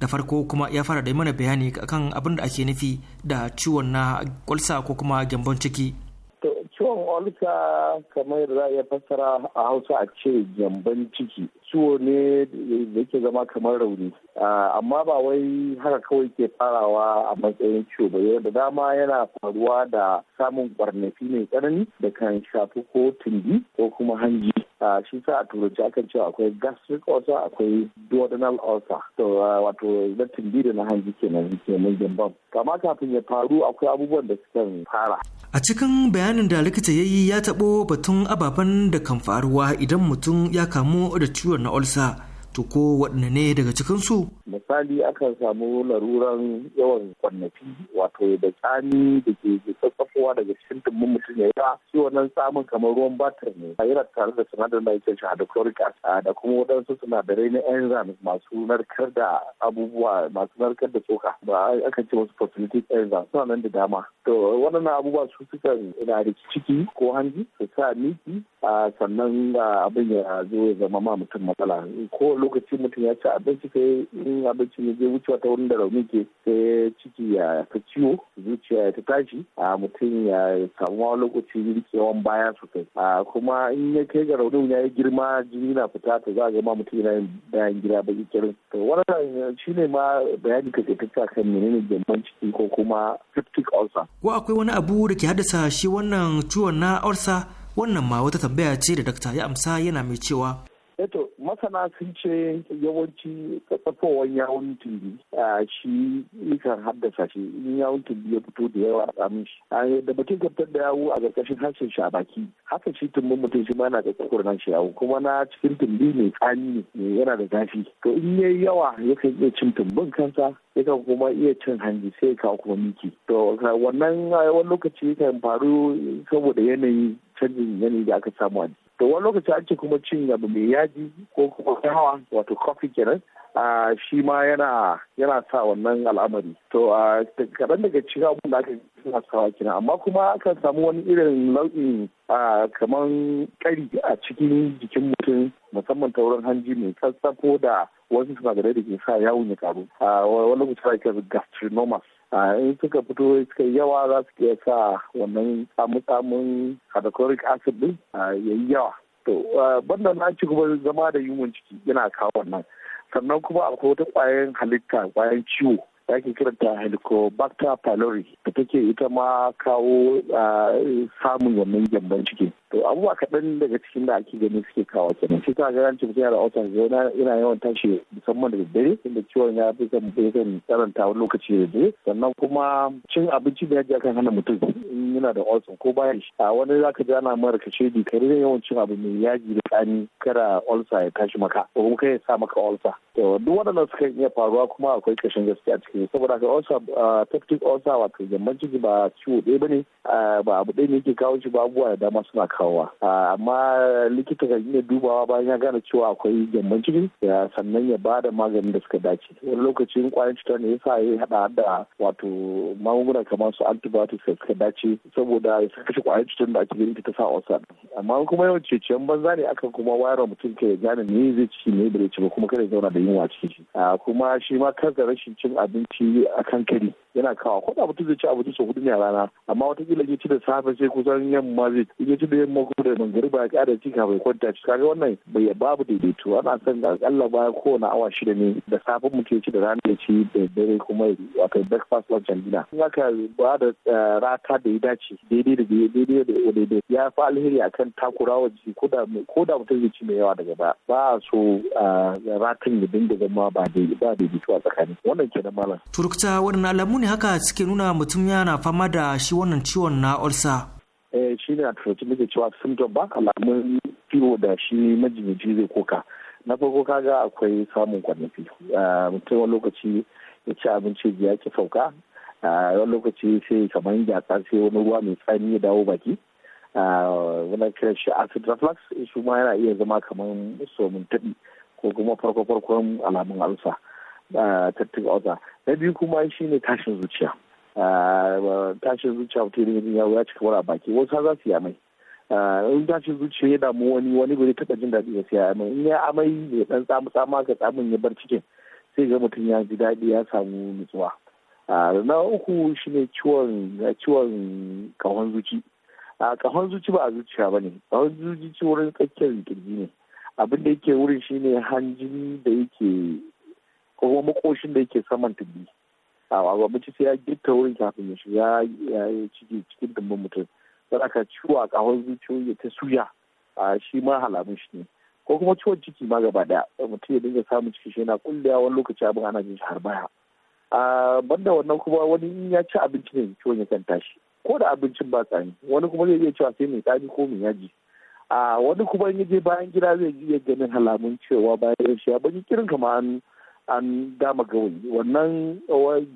da farko kuma ya fara da mana bayani kan abin da ake nufi da ciwon na kwalsa ko kuma gyambon ciki ciwon olsa kamar da za a iya fassara a hausa a ce gyambon ciki ciwo ne da yake zama kamar rauni ah, amma ba wai haka kawai ke farawa a matsayin ciwo ba yau da dama yana faruwa da samun kwarnafi mai tsanani da kan shafi ko tundi ko kuma hanji a ah, shi sa a turanci akan cewa akwai gastric ulcer akwai duodenal ulcer to ah, wato na tundi da na hanji kenan ke mun jambam kama kafin ya faru akwai abubuwan da suka fara a cikin bayanin da likita ya yi ya taɓo batun ababen da kan faruwa idan mutum ya kamu da ciwon ciwon ol olsa to ko ne daga cikinsu? Misali akan samu laruran yawan kwannafi wato da tsani da ke tsatsafowa daga cikin tumbin mutum ya yawa shi wannan samun kamar ruwan batir ne a yana tare da sinadarin da ake chloric acid da kuma waɗansu sinadarai na enzymes masu narkar da abubuwa masu narkar da tsoka ba aka ce wasu phosphatic enzymes suna nan da dama to waɗannan abubuwa su suka na da ciki ko hanji su sa miki sannan abin ya zo ya zama ma mutum matsala ko lokaci mutum ya ci abinci sai in abinci ya je wucewa ta wurin da rauni ke sai ciki ya ta ciwo zuciya ya ta tashi a mutum ya samu wani lokaci rikewan baya sosai a kuma in ya kai ga raunin ya yi girma jini na fita ta za a zama mutum yana bayan gida baki kirin to wannan shi ne ma bayani ka ta kan menene gyamban ciki ko kuma septic ulcer ko akwai wani abu da ke haddasa shi wannan ciwon na ulcer wannan ma wata tambaya ce da dakta ya amsa yana mai cewa Eto masana sun ce yawanci tsafowar yawon tumbi a shi yakan haddasa shi in yawon tumbi ya fito da yawa a tsamin shi. Da mutum kaftar da yawo a ƙarƙashin harshen shi a baki haka shi tumbin mutum shi ma yana da kukurin shi yawo kuma na cikin tumbi mai tsani ne yana da zafi. To in yayi yawa ya yakan iya cin tumbin kansa yakan kuma iya cin hanji sai kawo kuma miki. To wannan wani lokaci kan faru saboda yanayi canjin yanayi da aka samu a to wani lokaci ake kuma cin abu mai yaji ko kuma hawa wato coffee kenan a shi ma yana sa wannan al'amari to a kaɗan daga cikin abubuwan da aka suna sawa kenan amma kuma akan samu wani irin nau'in kamar ƙari a cikin jikin mutum musamman ta wurin hanji mai sassafo da wasu sinadarai da ke sa yawon ya karu a wani lokaci ake gastrinomas in suka fito suka yawa za su iya sa wannan tsamu-tsamun hydrochloric acid din ya yi yawa to banda na ci gaba zama da yunwan ciki yana kawo wannan sannan kuma akwai wata kwayan halitta kwayan ciwo da ake kiranta helicobacter pylori da take ita ma kawo samun wannan gyambon ciki to abubuwa kaɗan daga cikin da ake gani suke kawo kenan shi ta ga cikin mutum da autar zauna yana yawan tashi musamman da daddare inda ciwon ya fi kan kan karanta wani lokaci da dare sannan kuma cin abinci da yaji akan hana mutum in yana da olson ko baya shi a wani zaka ji ana mara kashe di kare yawan cin abu mai yaji da tsani kara olsa ya tashi maka ko kuma kai ya sa maka olsa to duk waɗannan suka iya faruwa kuma akwai kashin gaskiya a cikin saboda haka olsa tactic olsa wato jamman ciki ba ciwo ɗaya ne. ba abu ɗaya ne yake kawo shi ba abubuwa da dama suna kawo kawowa ah, amma likita kan iya dubawa bayan ya gane cewa akwai gyamban ciki sannan ya ba da maganin da suka dace wani lokacin kwayan cutar ne sa ya hada da wato magunguna kamar su antibiotics da suka dace saboda ya kashe kwayan cutar da ake ganin ta sa osan amma kuma yawan ceciyan banza ne akan kuma wayar mutum ka ya gane ne zai ci ne bai ci ba kuma kada ya zauna da yunwa cikin shi ah, kuma shi ma kansa rashin cin abinci akan kari yana kawo ko mutum zai ci abinci sau hudu ne a rana amma watakila ya ci da safe sai kusan yamma zai ya ci da yamma kuma da ba ya kada ci kafin kwanta ci kaga wannan bai babu daidaito ana son da akalla ko na awa shida ne da safe mutum ya ci da rana ya ci da dare kuma wato breakfast lunch and dinner in aka ba da eh, rata da ya dace daidai da daidai da daidai ya fi alheri akan takurawa jiki ko da mutum zai ci mai yawa daga ba ba so eh, ratin ya dinga zama ba daidaito a tsakani wannan da malam turkta wannan alamu ne haka suke nuna mutum yana fama da shi wannan ciwon na ulsa. Eh, shi ne a turci muke cewa symptom ba alamun ciwo da shi majinyaci zai koka. Na farko kaga akwai samun kwanafi. Eh, mutum wani lokaci ya ci abinci ya ki sauka. Eh, wani lokaci sai kamar gyatsa sai wani ruwa mai tsani ya dawo baki. Eh, wani kiran shi acid reflux shi ma yana iya zama kamar somin taɓi ko kuma farko-farkon alamun alsa. tattun oza na biyu kuma shine tashin zuciya tashin zuciya da ya ya cika wara baki wasu za su yi amai in tashin zuciya ya damu wani wani gari taɓa jin daɗi ya siya amai in ya amai mai ɗan tsamu tsama ka tsamin ya bar cikin sai ga mutum ya ji daɗi ya samu nutsuwa na uku shine ciwon ciwon kahon zuci a kahon zuci ba a zuciya ba ne kahon zuci wurin tsakiyar kirji ne abin da yake wurin shine hanjin da yake ko kuma makoshin da yake saman tumbi a abinci sai ya gitta wurin kafin ya shiga ya ciki cikin dumbin mutum don aka ciwo a kahon zuciyoyi ta suya a shi ma halamun shi ne ko kuma ciwon ciki ma gaba daya mutum ya dinga samun ciki shi yana kullewa wani lokaci abin ana jin shi har baya a banda wannan kuma wani in ya ci abinci ne ciwon kan tashi ko da abincin ba tsani wani kuma zai iya cewa sai mai tsani ko mai yaji a wani kuma in ya je bayan gida zai iya ganin halamun cewa bayan shi ya bari kirin kamar an an dama gawai wannan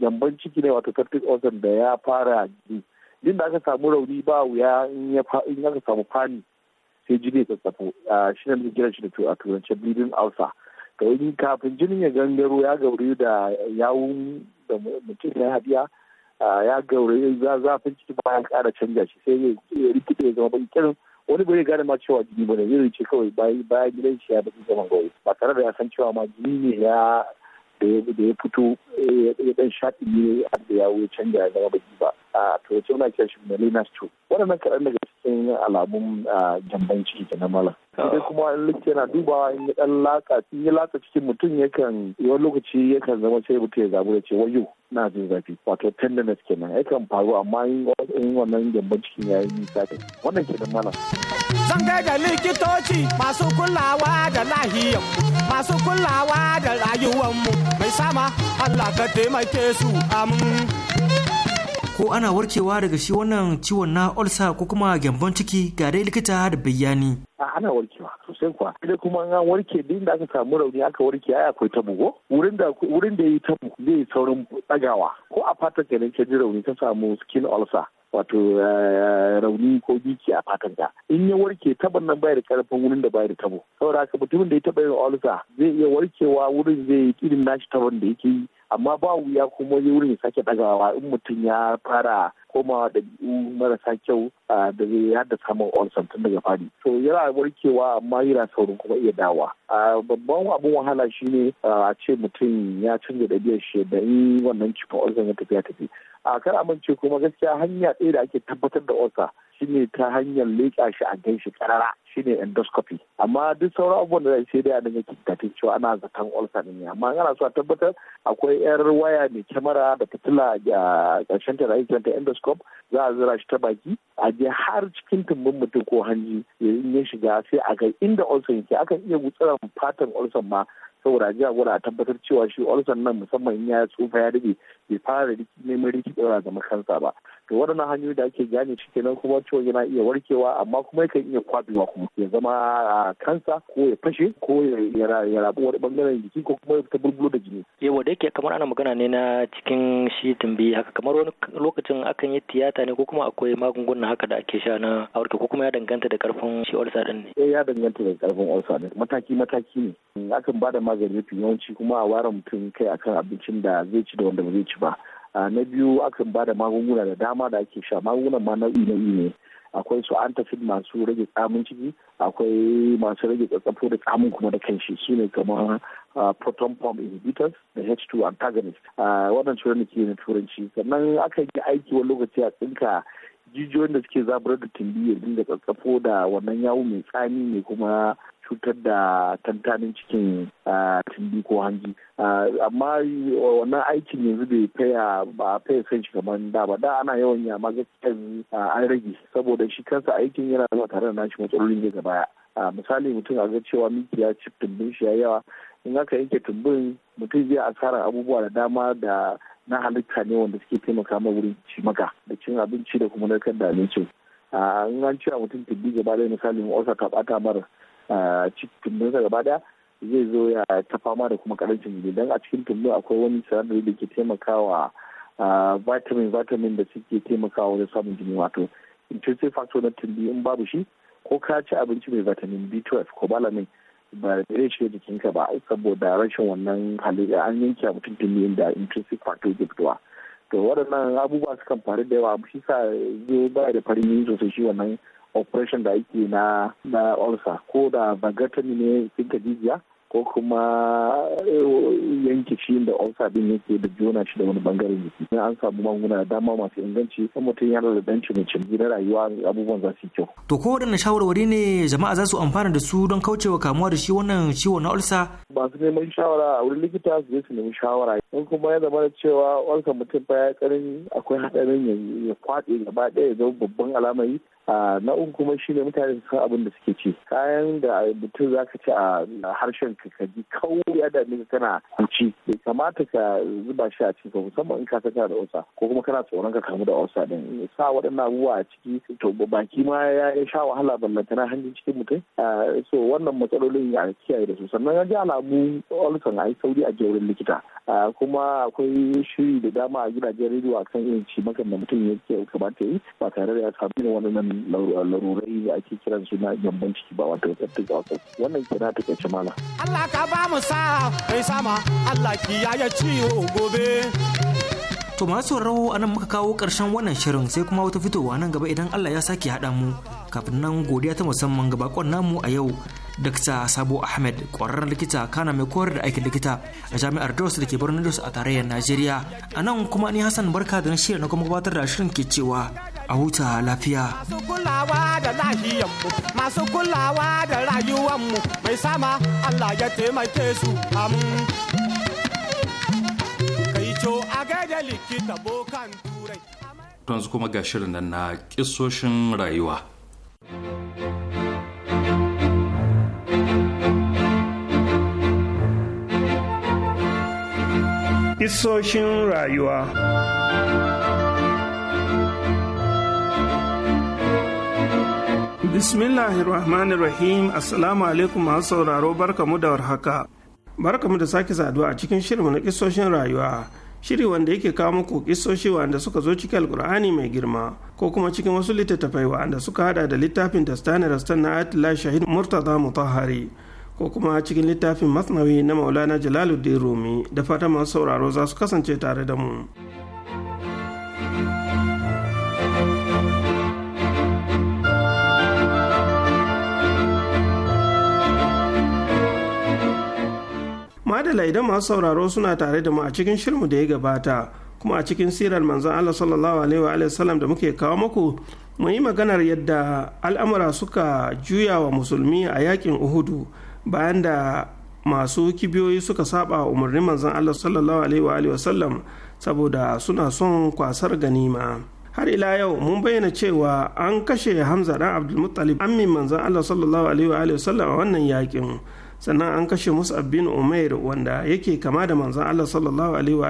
gyamban ciki ne wato septic ulcer da ya fara jini din da aka samu rauni ba wuya in aka samu fani sai jini ya tsatsafo shi ne gina shi da a turance bleeding ulcer to in kafin jinin ya gangaro ya gauri da yawun da mutum ya hadiya ya gauri zafin ciki ba ya kara canja shi sai ya rikide ya zama ba kirin wani bai gane ma cewa jini ne zai rice kawai bayan gidan shi ya bata zaman gauri ba tare da ya san cewa ma jini ne ya da ya fito eh, ya dan shaɗi ne har da yawo ya canja ya zama baki ba ah, a to ce muna kiran shi melina stu waɗannan kaɗan daga sun yi alamun jambanci ciki na mala. sai kuma in likita yana dubawa in yi dan laka in ya laka cikin mutum yakan wani lokaci yakan zama sai mutum ya zabu da ce wayo na jin zafi wato tenderness kenan yakan faru amma in wannan gyamban cikin ya yi nisa da wannan kenan mala. Zan da likitoci masu kulawa da lahiyar masu kulawa da rayuwar mu mai sama Allah ka taimake su amin. ko ana warkewa daga shi wannan ciwon na olsa ko kuma gyambon ciki ga dai likita da bayani. A ana warkewa sosai kuwa. Idan kuma an warke din da aka samu rauni aka warke ai akwai tabo ko wurin da wurin da yi tabo zai saurin tsagawa ko a fata kenan ka ji rauni ta samu skin ulcer wato eh, rauni ko biki a fatan ka in ya warke taban nan bai da karfin wurin da bai da tabo saboda haka mutumin da ya taba yin olsa zai iya warkewa wurin zai irin nashi taban da yake yi amma ba wuya kuma wurin ya sake dagawa in mutum ya fara komawa da marasa kyau eh, da zai haddasa samun olsa tun daga fari so yana warkewa amma yana saurin kuma iya dawa babban abin wahala shi ne a ce mutum ya canza biyar shi da in wannan cikin ulcer ya tafiya tafi a kar amince kuma gaskiya hanya ɗaya da ake tabbatar da ulcer shine ta hanyar leƙa shi a ganshi karara shine endoscopy amma duk sauran abubuwan da zai sai dai a dinga kintatin cewa ana zaton ulcer ne amma ana so a tabbatar akwai yar waya mai kyamara da fitila a ƙarshen ta rayu ta endoscope za a zira shi ta baki a je har cikin tumbin mutum ko hanji in ya shiga sai a ga inda ulcer yake akan iya gutsura fatan olson ma saboda jiya gwada a tabbatar cewa shi olson nan musamman ya tsufa ya rage bai fara neman rikidora ga makansa ba to waɗannan hanyoyi da ake gane shi kenan kuma ciwon yana iya warkewa amma kuma yakan iya kwabewa kuma ya zama a kansa ko ya fashe ko ya rabu wani bangaren jiki ko kuma ya fita bulbulo da jini. yawa da yake kamar ana magana ne na cikin shi tumbi haka kamar wani lokacin akan yi tiyata ne ko kuma akwai magungunan haka da ake sha na aurki ko kuma ya danganta da karfin shi ulcer din ne. Eh ya danganta da karfin ulcer din mataki mataki ne akan ba da magani mafi yawanci kuma a ware mutum kai akan abincin da zai ci da wanda ba zai ci ba. na biyu akan ba da magunguna da dama da ake sha magungunan ma nau'i nau'i ne akwai su antacid masu rage tsamin ciki akwai masu rage tsatsafo da tsamin kuma da kanshi su ne kamar proton pump inhibitors da h2 antagonist wannan ciwon da ke na turanci sannan akan yi aiki wani lokaci a tsinka jijiyoyin da suke zabar da tumbi ya dinga tsatsafo da wannan yawo mai tsami ne kuma cutar da tantanin cikin tumbi ko hanji amma wannan aikin yanzu bai faya ba faya san shi kamar da ba da ana yawan yi amma gaskiya an rage saboda shi kansa aikin yana zuwa tare da nashi matsalolin daga baya misali mutum a ga cewa miki ya ci tumbin shi ya yawa in aka yanke tumbin mutum zai asara abubuwa da dama da na halitta ne wanda suke taimaka ma wurin ci maka da cin abinci da kuma narkar da abincin in an cewa mutum tumbi gaba da misali osa ka bata mara cikin tumbinsa gaba daya zai zo ya ta fama da kuma karancin jini don a cikin tumbin akwai wani sinadari da ke taimakawa vitamin vitamin da suke taimakawa wajen samun jini wato intrinsic factor na tumbi in babu shi ko ka ci abinci mai vitamin b12 ko balamin ba zai shiga ka ba saboda rashin wannan halitta an yanke mutum tumbi inda intrinsic factor ke fitowa to waɗannan abubuwa sukan faru da yawa shi sa zai ba da farin yin sosai shi wannan operation da ake na na ulcer ko da bagatani ne tsinka jijiya ko kuma eh, yanke shi da ulcer din yake da juna shi da wani bangaren jiki an samu magunguna da dama masu inganci kan mutum yana da danci mai canji na rayuwa abubuwan za su kyau. to ko waɗannan shawarwari ne jama'a za su amfana da su don kaucewa kamuwa da shi wannan ciwon na ulcer. Ba su neman shawara a wurin likita su je su nemi shawara in kuma ya zama da cewa ulcer mutum baya karin akwai haɗarin ya kwaɗe gaba ɗaya ya zama babban alamari a na uku kuma shi ne mutane su san abin da suke ci kayan da mutum za ka ci a harshen ka kaji kawai ya dame ka kana ci bai kamata ka zuba shi a cikin musamman in ka san kana da osa ko kuma kana tsoron ka kamu da osa din sa waɗannan abubuwa a ciki to baki ma ya sha wahala ballantana hanjin cikin mutum so wannan matsalolin ya kiyaye da su sannan ya ji alamu olson a yi sauri a jerin wurin likita kuma akwai shiri da dama a gidajen rediyo a kan irin ci makan da mutum ya kamata ya yi ba tare da ya samu wani nan. larurai da ake kiran su na gyambon ciki ba wata ta wannan kira ta kace Allah ka ba mu sa kai sama Allah ya ciwo gobe To masu sauraro a nan muka kawo ƙarshen wannan shirin sai kuma wata fitowa nan gaba idan Allah ya saki haɗa mu kafin nan godiya ta musamman ga bakon namu a yau Dr. Sabo Ahmed ƙwararren likita kana mai koyar da aikin likita a jami'ar Jos da ke birnin Jos a tarayyar Najeriya. A nan kuma ni Hassan Barka da na shirya na kuma gabatar da shirin ke cewa a huta lafiya. Masu kulawa da lahiyanmu, masu kulawa da rayuwanmu, mai sama Allah ya taimake su am. Kai co a gaida likita bokan turai. Yanzu kuma ga shirin nan na kisoshin rayuwa. Kisoshin rayuwa. Bismillahirrahmanirrahim Assalamu alaikum masu sauraro barkamu da warhaka. Barkamu da sake saduwa a cikin shirinmu na kisoshin rayuwa. Shiri wanda yake kawo muku kisoshi wanda suka zo cikin Alkur'ani mai girma ko kuma cikin wasu littattafai wanda suka hada da littafin Dastani Rastan na Atila Shahid Murtaza Mutahari ko kuma cikin littafin Masnawi na Maulana Jalaluddin Rumi da fatan masu sauraro za su kasance tare da mu. da idan masu sauraro suna tare da mu a cikin shirmu da ya gabata kuma a cikin sirar manzon Allah sallallahu alaihi wa sallam da muke kawo muku mu yi maganar yadda al'amura suka juya wa musulmi a yakin uhudu bayan da masu kibiyoyi suka saba umarnin manzon Allah sallallahu alaihi wa sallam saboda suna son kwasar ganima har ila yau mun bayyana cewa an kashe hamza dan abdulmuttalib ammin manzon Allah sallallahu alaihi wa sallam a wannan yakin sannan an kashe mus'ab bin umair wanda yake kama da manzon allah sallallahu alaihi wa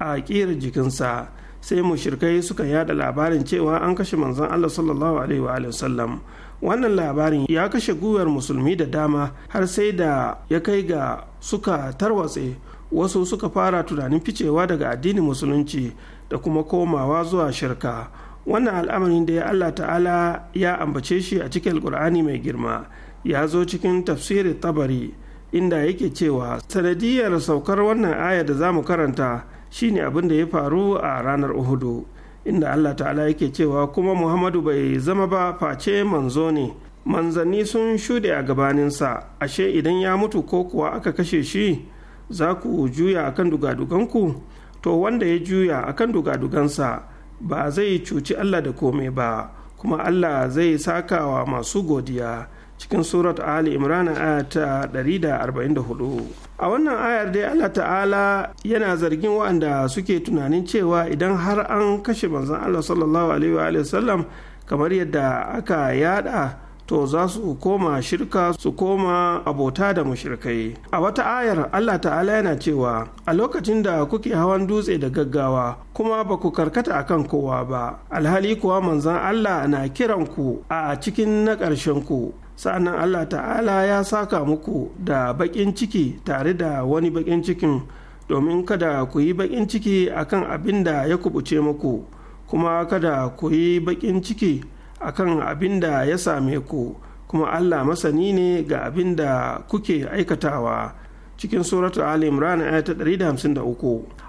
a ƙirar jikinsa sai mushrikai suka yada labarin cewa an kashe manzon allah sallallahu alaihi wa wannan labarin ya kashe gwiwar musulmi da dama har sai da ya kai ga suka tarwatse wasu suka fara tunanin ficewa daga addinin musulunci da kuma komawa zuwa shirka wannan al'amarin da ya allah ta'ala ya ambace shi a cikin alkur'ani mai girma ya zo cikin tafsirin tabari inda yake cewa sanadiyar saukar wannan aya da zamu karanta shine abin da ya faru a ranar uhudu inda allah ta'ala yake cewa kuma muhammadu bai zama ba face manzo ne manzanni sun shuɗe a gabaninsa ashe idan ya mutu ko kuwa aka kashe shi za ku juya akan dugaduganku to wanda ya juya akan dugadugansa ba zai cuci allah da kome ba kuma allah zai sakawa masu godiya cikin surat ali imran aya ta 144 a wannan ayar dai allah ta'ala yana zargin waɗanda suke tunanin cewa idan har an kashe manzon allah sallallahu alaihi wa sallam kamar yadda aka yada to za su koma shirka su koma abota da mushrikai a wata ayar allah ta'ala yana cewa a lokacin da kuke hawan dutse da gaggawa kuma ba ku karkata akan kowa ba alhali kuwa manzon allah na kiranku a cikin na ƙarshen ku sa'annan allah ta'ala ya saka muku da baƙin ciki tare da wani bakin cikin domin kada ku yi baƙin ciki akan abin da ya kubuce muku kuma kada ku yi baƙin ciki akan abin da ya same ku kuma allah masani ne ga abin da kuke aikatawa cikin suratu ali imran aya ta 153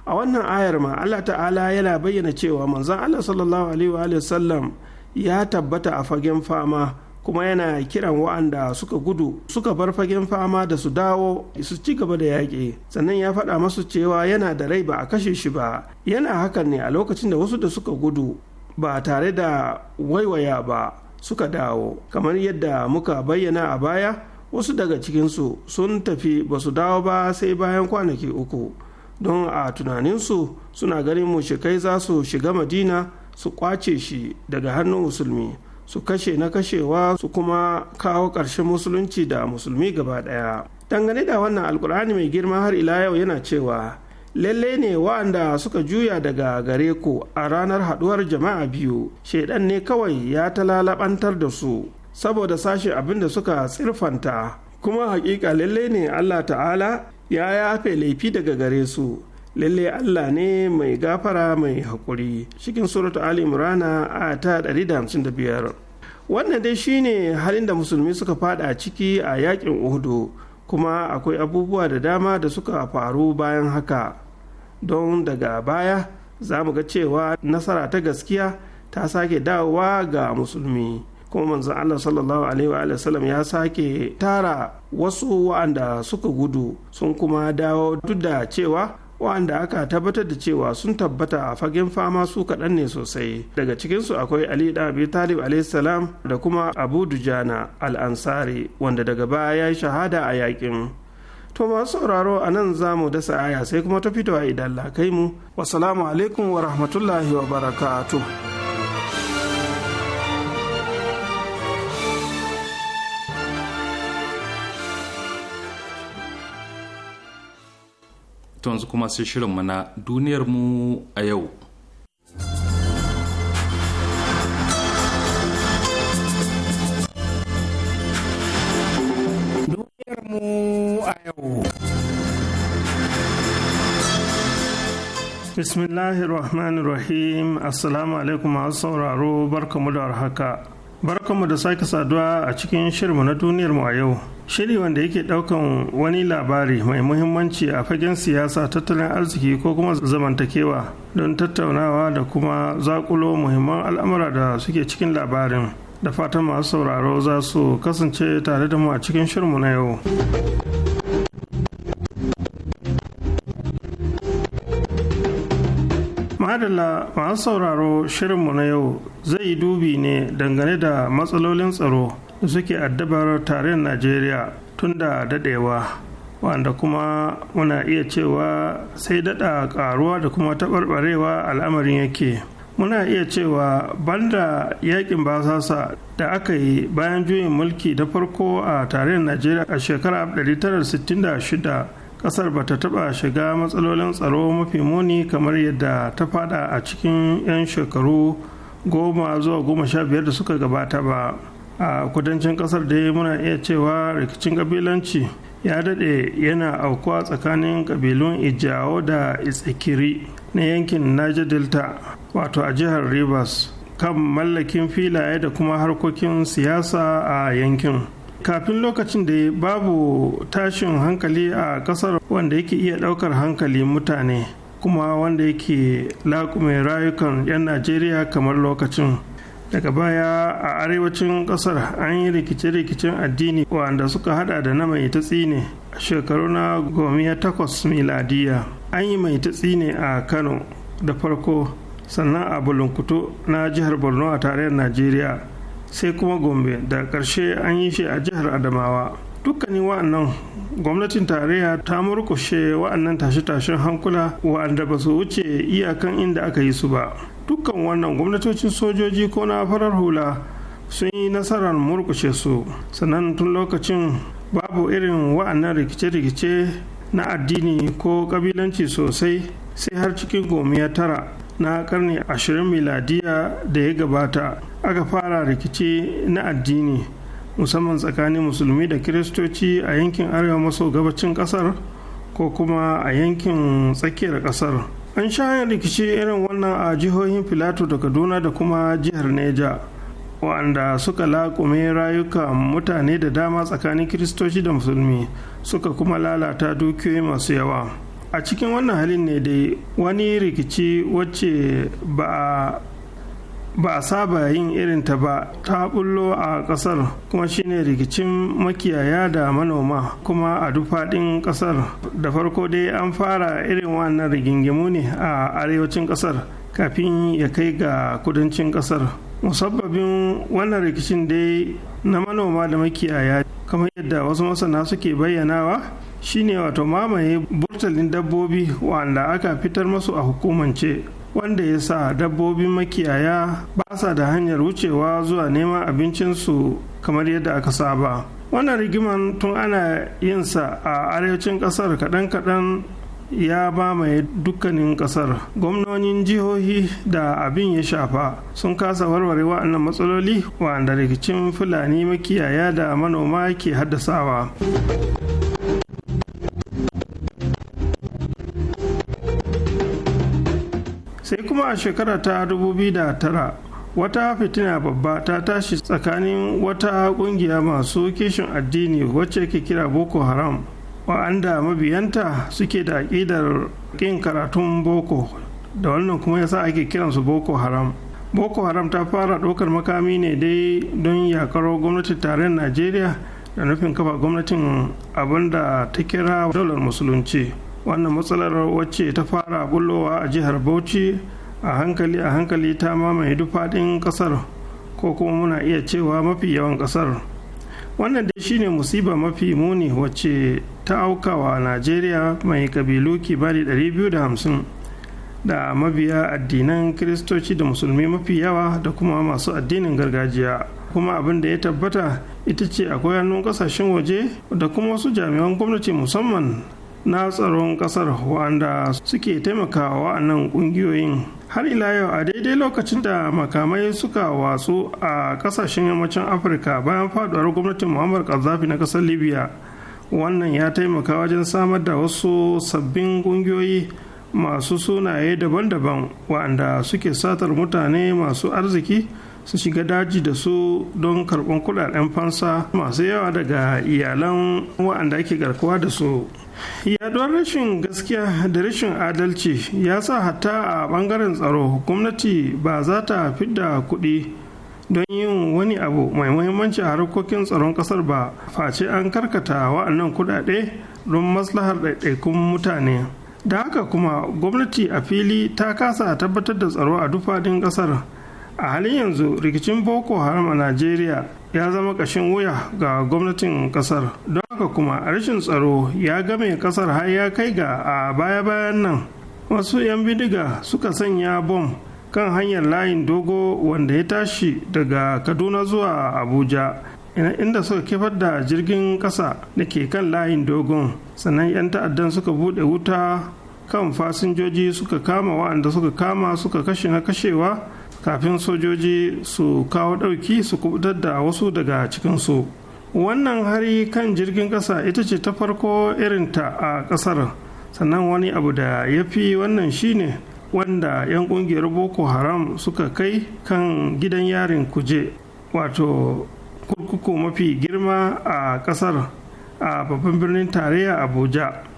a wannan ayar ma Allah ta'ala yana bayyana cewa manzon Allah sallallahu alaihi wa sallam ya tabbata a fagen fama kuma yana kiran wa'anda suka gudu suka bar fagen fama da su dawo su ci gaba da yaƙi sannan ya faɗa masu cewa yana da rai ba a kashe shi ba yana hakan ne a lokacin da wasu da suka gudu ba tare da waiwaya ba suka dawo kamar yadda muka bayyana a baya wasu daga cikinsu sun tafi ba su dawo ba sai bayan kwanaki uku don a tunaninsu suna ganin mushikai za su shiga madina su kwace shi daga hannun musulmi su kashe na kashewa su kuma kawo ƙarshen musulunci da musulmi gaba ɗaya dangane da wannan alkur'ani mai girma har ila yau yana cewa lalle ne wa'anda suka juya daga gare ku a ranar haɗuwar jama'a biyu shaidan ne kawai ya talalabantar da su saboda sashe abin da suka tsirfanta kuma hakika lalle ne allah ta'ala ya yafe laifi daga gare su lalle Allah ne mai gafara mai haƙuri cikin suratu Ali Imrana a ta 155 wannan dai shine halin da musulmi suka fada ciki a yakin Uhudu kuma akwai abubuwa da dama da suka faru bayan haka don daga baya za mu ga cewa nasara ta gaskiya ta sake dawowa ga musulmi kuma manzon Allah sallallahu alaihi wa sallam ya sake tara wasu wa'anda suka gudu sun kuma dawo duk da cewa waɗanda aka tabbatar da cewa sun tabbata a fagen fama su kaɗan ne sosai daga cikinsu akwai ali da abi talib salam da kuma abu dujana al'ansari wanda daga baya ya yi shahada a yaƙin. to masu sauraro a nan za mu dasa aya sai kuma ta fitowa idan lakai mu wasalamu alaikum wa rahmatullahi wa barakatuh to yanzu kuma sai shirin mana duniyar mu a yau Duniyarmu a yau bismillahir rahmanir rahim assalamu alaikum masu sauraro barkamu da haka. Barkanmu da sake saduwa a cikin shirmu na duniyar mu a yau. Shiri wanda yake daukan wani labari mai muhimmanci a fagen siyasa tattalin arziki ko kuma zamantakewa don tattaunawa da kuma zakulo muhimman al'amura da suke cikin labarin. Da fatan masu sauraro za su kasance tare da mu a cikin shirmu na yau. madalla masu sauraro shirinmu na yau zai yi dubi ne dangane da matsalolin tsaro da suke addabar tarihin najeriya tun da dadewa wanda kuma muna iya cewa sai dada karuwa da kuma taɓarɓarewa al'amarin yake muna iya cewa banda yakin basasa da aka yi bayan juyin mulki da farko a tarihin najeriya a shekarar 1966 kasar ba ta taba shiga matsalolin tsaro mafi muni kamar yadda ta fada a cikin 'yan shekaru goma zuwa goma sha biyar da suka gabata ba a kudancin kasar dai muna iya cewa rikicin kabilanci ya daɗe yana aukuwa tsakanin kabilun ijawo da itsikiri na yankin niger delta wato a jihar rivers kan mallakin filaye da kuma harkokin siyasa a yankin kafin lokacin da babu tashin hankali a kasar wanda yake iya daukar hankali mutane kuma wanda yake laƙume rayukan 'yan najeriya kamar lokacin daga baya a arewacin kasar an yi rikice-rikicen addini wanda suka hada da na mai tatsi ne a shekaru na gomiya takwas miladiya an yi mai tatsi ne a kano da farko sannan a bulunkutu na jihar borno a tarayyar najeriya sai kuma gombe da ƙarshe an yi shi a jihar adamawa dukkanin wa'annan gwamnatin tarayya ta murkushe wa'annan tashe-tashen hankula wa'anda ba su wuce iyakan inda aka yi su ba dukkan wannan gwamnatocin sojoji ko na farar hula sun yi nasarar murkushe su sannan tun lokacin babu irin wa'annan rikice-rikice na addini ko kabilanci sosai sai har cikin gomiya tara na karni 20 miladiya da ya gabata aka fara rikici na addini musamman tsakanin musulmi da kiristoci a yankin arewa maso gabacin kasar ko kuma a yankin tsakiyar kasar an sha rikici irin wannan a jihohin filato da kaduna da kuma jihar neja waɗanda suka laƙume rayuka mutane da dama tsakanin kiristoci da musulmi suka kuma lalata dukiyoyi masu yawa a cikin wannan halin ne dai wani rikici wacce ba ba a saba yin irin ta ba ta bullo a kasar kuma shine rikicin makiyaya da manoma kuma a duk faɗin kasar da farko dai an fara irin wannan rigingimu ne a arewacin kasar kafin ya kai ga kudancin kasar musabbabin wannan rikicin dai na manoma da makiyaya kamar yadda wasu masana suke bayyanawa shine wato mamaye burtalin dabbobi wanda aka fitar masu a hukumance wanda ya sa dabbobin makiyaya ba sa da hanyar wucewa zuwa neman abincinsu kamar yadda aka saba wannan rigiman tun ana yinsa a arewacin kasar kaɗan-kaɗan ya ba mai dukkanin kasar gwamnonin jihohi da abin ya shafa sun kasa warware wa'annan matsaloli wa'anda rikicin fulani makiyaya da manoma ke haddasawa sai kuma a shekara ta 2009 wata fitina babba ta tashi tsakanin wata kungiya masu kishin addini wacce ke kira boko haram wa'anda mabiyanta suke da aƙidar ƙin karatun boko da wannan kuma yasa ake kiransu boko haram boko haram ta fara ɗaukar makami ne dai don yakar gwamnatin tarayyar najeriya da nufin kafa gwamnatin abinda ta kira daular musulunci wannan matsalar wacce ta fara bullowa a jihar bauchi a hankali a hankali ta mamaye duk faɗin ƙasar ko kuma muna iya cewa mafi yawan ƙasar wannan dai shine musiba mafi muni wacce ta auka wa najeriya mai kabilu kibari 250 da mabiya addinan kiristoci da musulmi mafi yawa da kuma masu addinin gargajiya kuma abin da ya tabbata ita ce akwai hannun kasashen waje da kuma wasu jami'an gwamnati musamman na tsaron kasar wanda suke taimakawa nan ƙungiyoyin. har ila yau a daidai lokacin da makamai suka watsu a ƙasashen yammacin afirka bayan faduwar gwamnatin muhammad kazafi na ƙasar libya wannan ya taimaka wajen samar da wasu sabbin ƙungiyoyi masu sunaye daban-daban wa'anda suke satar mutane masu arziki su shiga daji da su don karɓar kuɗaɗen fansa masu yawa daga iyalan wa'anda ake garkuwa da su yaduwar rashin gaskiya da rashin adalci ya sa hatta a ɓangaren tsaro gwamnati ba za ta fidda kuɗi don yin wani abu mai muhimmanci a harkokin tsaron ƙasar ba face an karkata wa'annan kuɗaɗe don maslahar ɗaiɗaikun mutane da haka kuma gwamnati a fili ta kasa tabbatar da tsaro a dufadin ƙasar a halin yanzu rikicin boko haram a najeriya ya zama ƙashin wuya ga gwamnatin ƙasar don haka kuma rashin tsaro ya game ƙasar har ya kai ga a baya-bayan nan wasu 'yan bidiga suka sanya bom kan hanyar layin dogo wanda ya tashi daga kaduna zuwa abuja inda suka kifar da jirgin ƙasa da ke kan layin dogon sannan 'yan ta'addan suka buɗe wuta kan fasinjoji suka kama wa'anda suka kama suka kashe na kashewa kafin sojoji su kawo ɗauki su kubutar da wasu daga cikinsu wannan hari kan jirgin ƙasa ita ce ta farko irinta a ƙasar sannan wani abu da ya fi wannan shine wanda 'yan ƙungiyar boko haram suka kai kan gidan yarin kuje wato kurkuku mafi girma a ƙasar a babban birnin tarayya abuja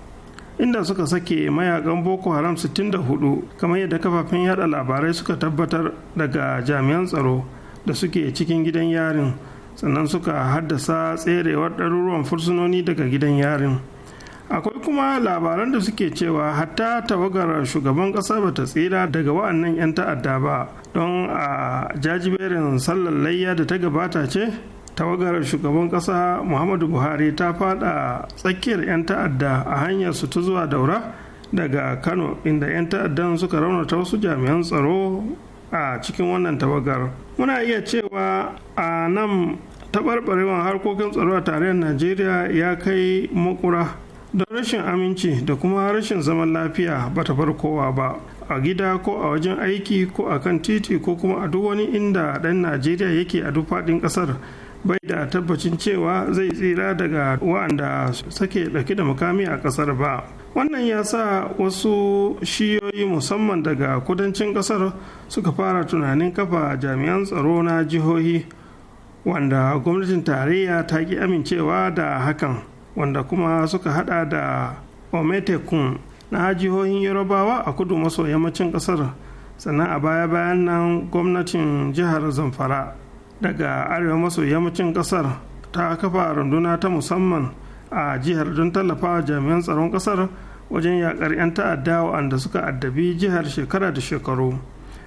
inda suka sake mayakan boko haram 64 kamar yadda kafafen yada labarai suka tabbatar daga jami'an tsaro da suke cikin gidan yarin sannan suka haddasa tserewar ɗaruruwan fursunoni daga gidan yarin akwai kuma labaran da suke cewa hatta tawagar shugaban ƙasa ba ta tsira daga wa'annan 'yan ta'adda ba don a jajiberin sallar layya da ta gabata ce tawagarar shugaban kasa muhammadu buhari ta fada tsakiyar 'yan ta'adda a hanyar su ta zuwa daura daga kano inda 'yan ta'addan suka raunata wasu jami'an tsaro a cikin wannan tawagar muna iya cewa a nan taɓarɓarewar harkokin tsaro a tarayyar najeriya ya kai makura don rashin aminci da kuma rashin zaman lafiya ba ta kowa ba a gida ko a wajen aiki ko a kan titi ko kuma a duk wani inda ɗan najeriya yake a duk faɗin ƙasar bai da tabbacin cewa zai tsira daga wa'anda sake ɗauki da mukami a ƙasar ba wannan ya sa wasu shiyoyi musamman daga kudancin ƙasar suka fara tunanin kafa jami'an tsaro na jihohi wanda gwamnatin tarayya ta ki amincewa da hakan wanda kuma suka hada da ometekun na jihohin yarobawa a kudu maso yammacin ƙasar sannan a baya-bayan nan gwamnatin jihar zamfara daga arewa maso yammacin kasar ta kafa runduna ta musamman a jihar don tallafawa jami'an tsaron kasar wajen yakar 'yan ta'adda wa'anda suka addabi jihar shekara da shekaru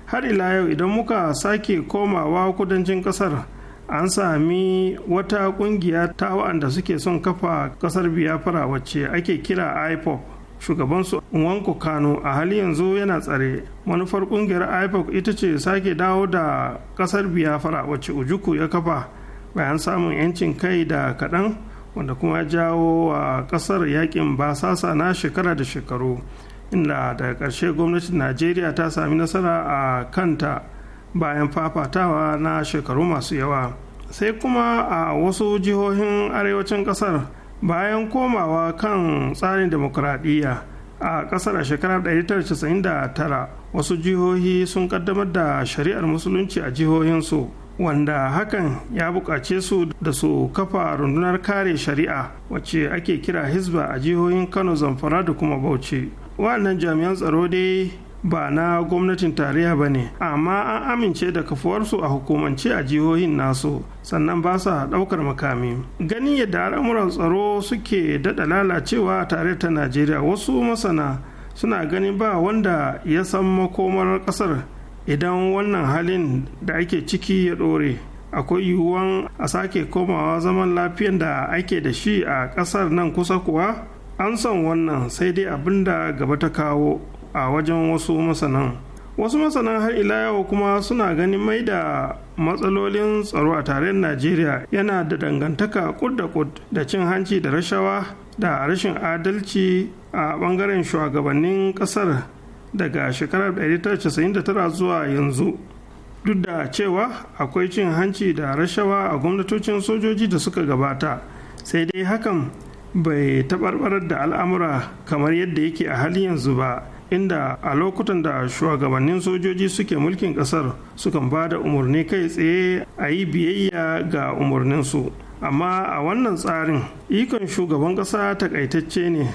har ila yau idan muka sake komawa kudancin kasar an sami wata kungiya ta wa'anda suke son kafa kasar biyafara wacce ake kira ipop shugabansu Nwanko Kano a hali yanzu yana tsare. Manufar kungiyar IPOC ita ce sake dawo da kasar Biafra wacce Ujuku ya kafa bayan samun 'yancin kai da kaɗan wanda kuma jawo wa kasar yakin basasa na shekara da shekaru inda daga ƙarshe gwamnatin najeriya ta sami nasara a kanta bayan fafatawa na shekaru masu yawa sai kuma a wasu jihohin arewacin kasar bayan komawa kan tsarin demokuraɗiyya a ƙasar a shekarar 1999 wasu jihohi sun kaddamar da shari'ar musulunci a jihohinsu wanda hakan ya buƙace su da su kafa rundunar kare shari'a wacce ake kira hisba a jihohin kano zamfara da kuma bauchi waɗannan jami'an tsaro dai ba na gwamnatin tarayya ba ne amma an amince da kafuwarsu a hukumance a jihohin nasu sannan ba sa ɗaukar makami ganin yadda al'amuran tsaro suke daɗa lalacewa tare ta najeriya wasu masana suna ganin ba wanda ya san makomar ƙasar idan wannan halin da ake ciki ya ɗore akwai yiwuwan a sake komawa zaman lafiyan da ake da shi a ƙasar nan kusa kuwa an san wannan sai dai abin da gaba ta kawo a wajen wasu masanan wasu masanan har ila yau kuma suna ganin mai da matsalolin tsaro a tarayyar najeriya yana da dangantaka kud da kud da cin hanci da rashawa da rashin adalci a bangaren shugabannin kasar daga shekarar 1999 zuwa yanzu duk da cewa akwai cin hanci da rashawa a gwamnatocin sojoji da suka gabata sai dai hakan bai taɓarɓarar da al'amura kamar yadda yake a halin yanzu ba inda a lokutan da shugabannin sojoji suke mulkin kasar sukan ba da umarni kai tsaye a yi biyayya ga umarninsu amma a wannan tsarin ikon shugaban kasa takaitacce ne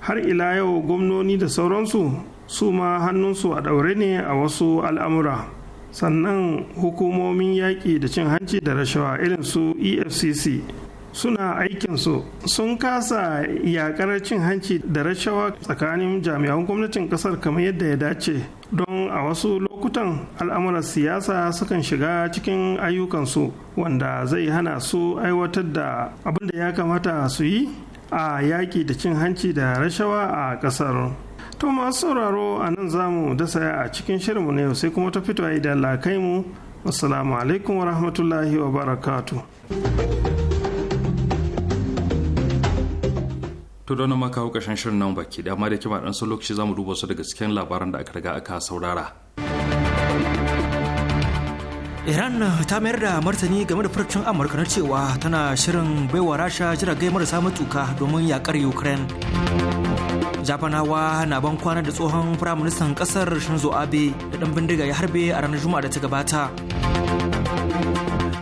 har ila yau gwamnoni da sauransu su ma hannunsu a ɗaure ne a wasu al'amura sannan hukumomin yaƙi da cin hanci da rashawa irin su efcc suna aikin su sun kasa yakar cin hanci da rashawa tsakanin jami'an gwamnatin kasar kamar yadda ya dace don a wasu lokutan al'amuran siyasa sukan shiga cikin ayyukansu wanda zai hana su aiwatar da abin da ya kamata su yi a yaƙi da cin hanci da rashawa a ƙasar. to masu sauraro a nan zamu dasa a cikin shirinmu na yau sai kuma ta fito idan lakai mu assalamu alaikum wa rahmatullahi wa barakatu. to don ma kawo ƙarshen shirin nan baki da amma da kima ɗan lokaci za mu duba su daga cikin labaran da aka riga aka saurara iran ta mayar da martani game da furcin amurka na cewa tana shirin baiwa rasha jiragai marasa matuka domin yakar ukraine japanawa na ban kwana da tsohon firaministan ƙasar shinzo abe da ɗan bindiga ya harbe a ranar juma'a da ta gabata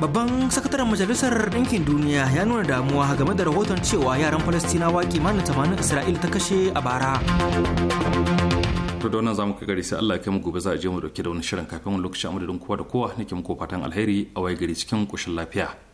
babban sakataren majalisar ɗinkin duniya ya nuna damuwa game da rahoton cewa yaran falastinawa kimanin tamanin isra'il ta kashe a bara to da wannan zamu kai gari sai Allah ya kai mu gobe za a je mu dauke da wani shirin kafin wani lokaci kowa da kowa nake muku fatan alheri a waye gari cikin koshin lafiya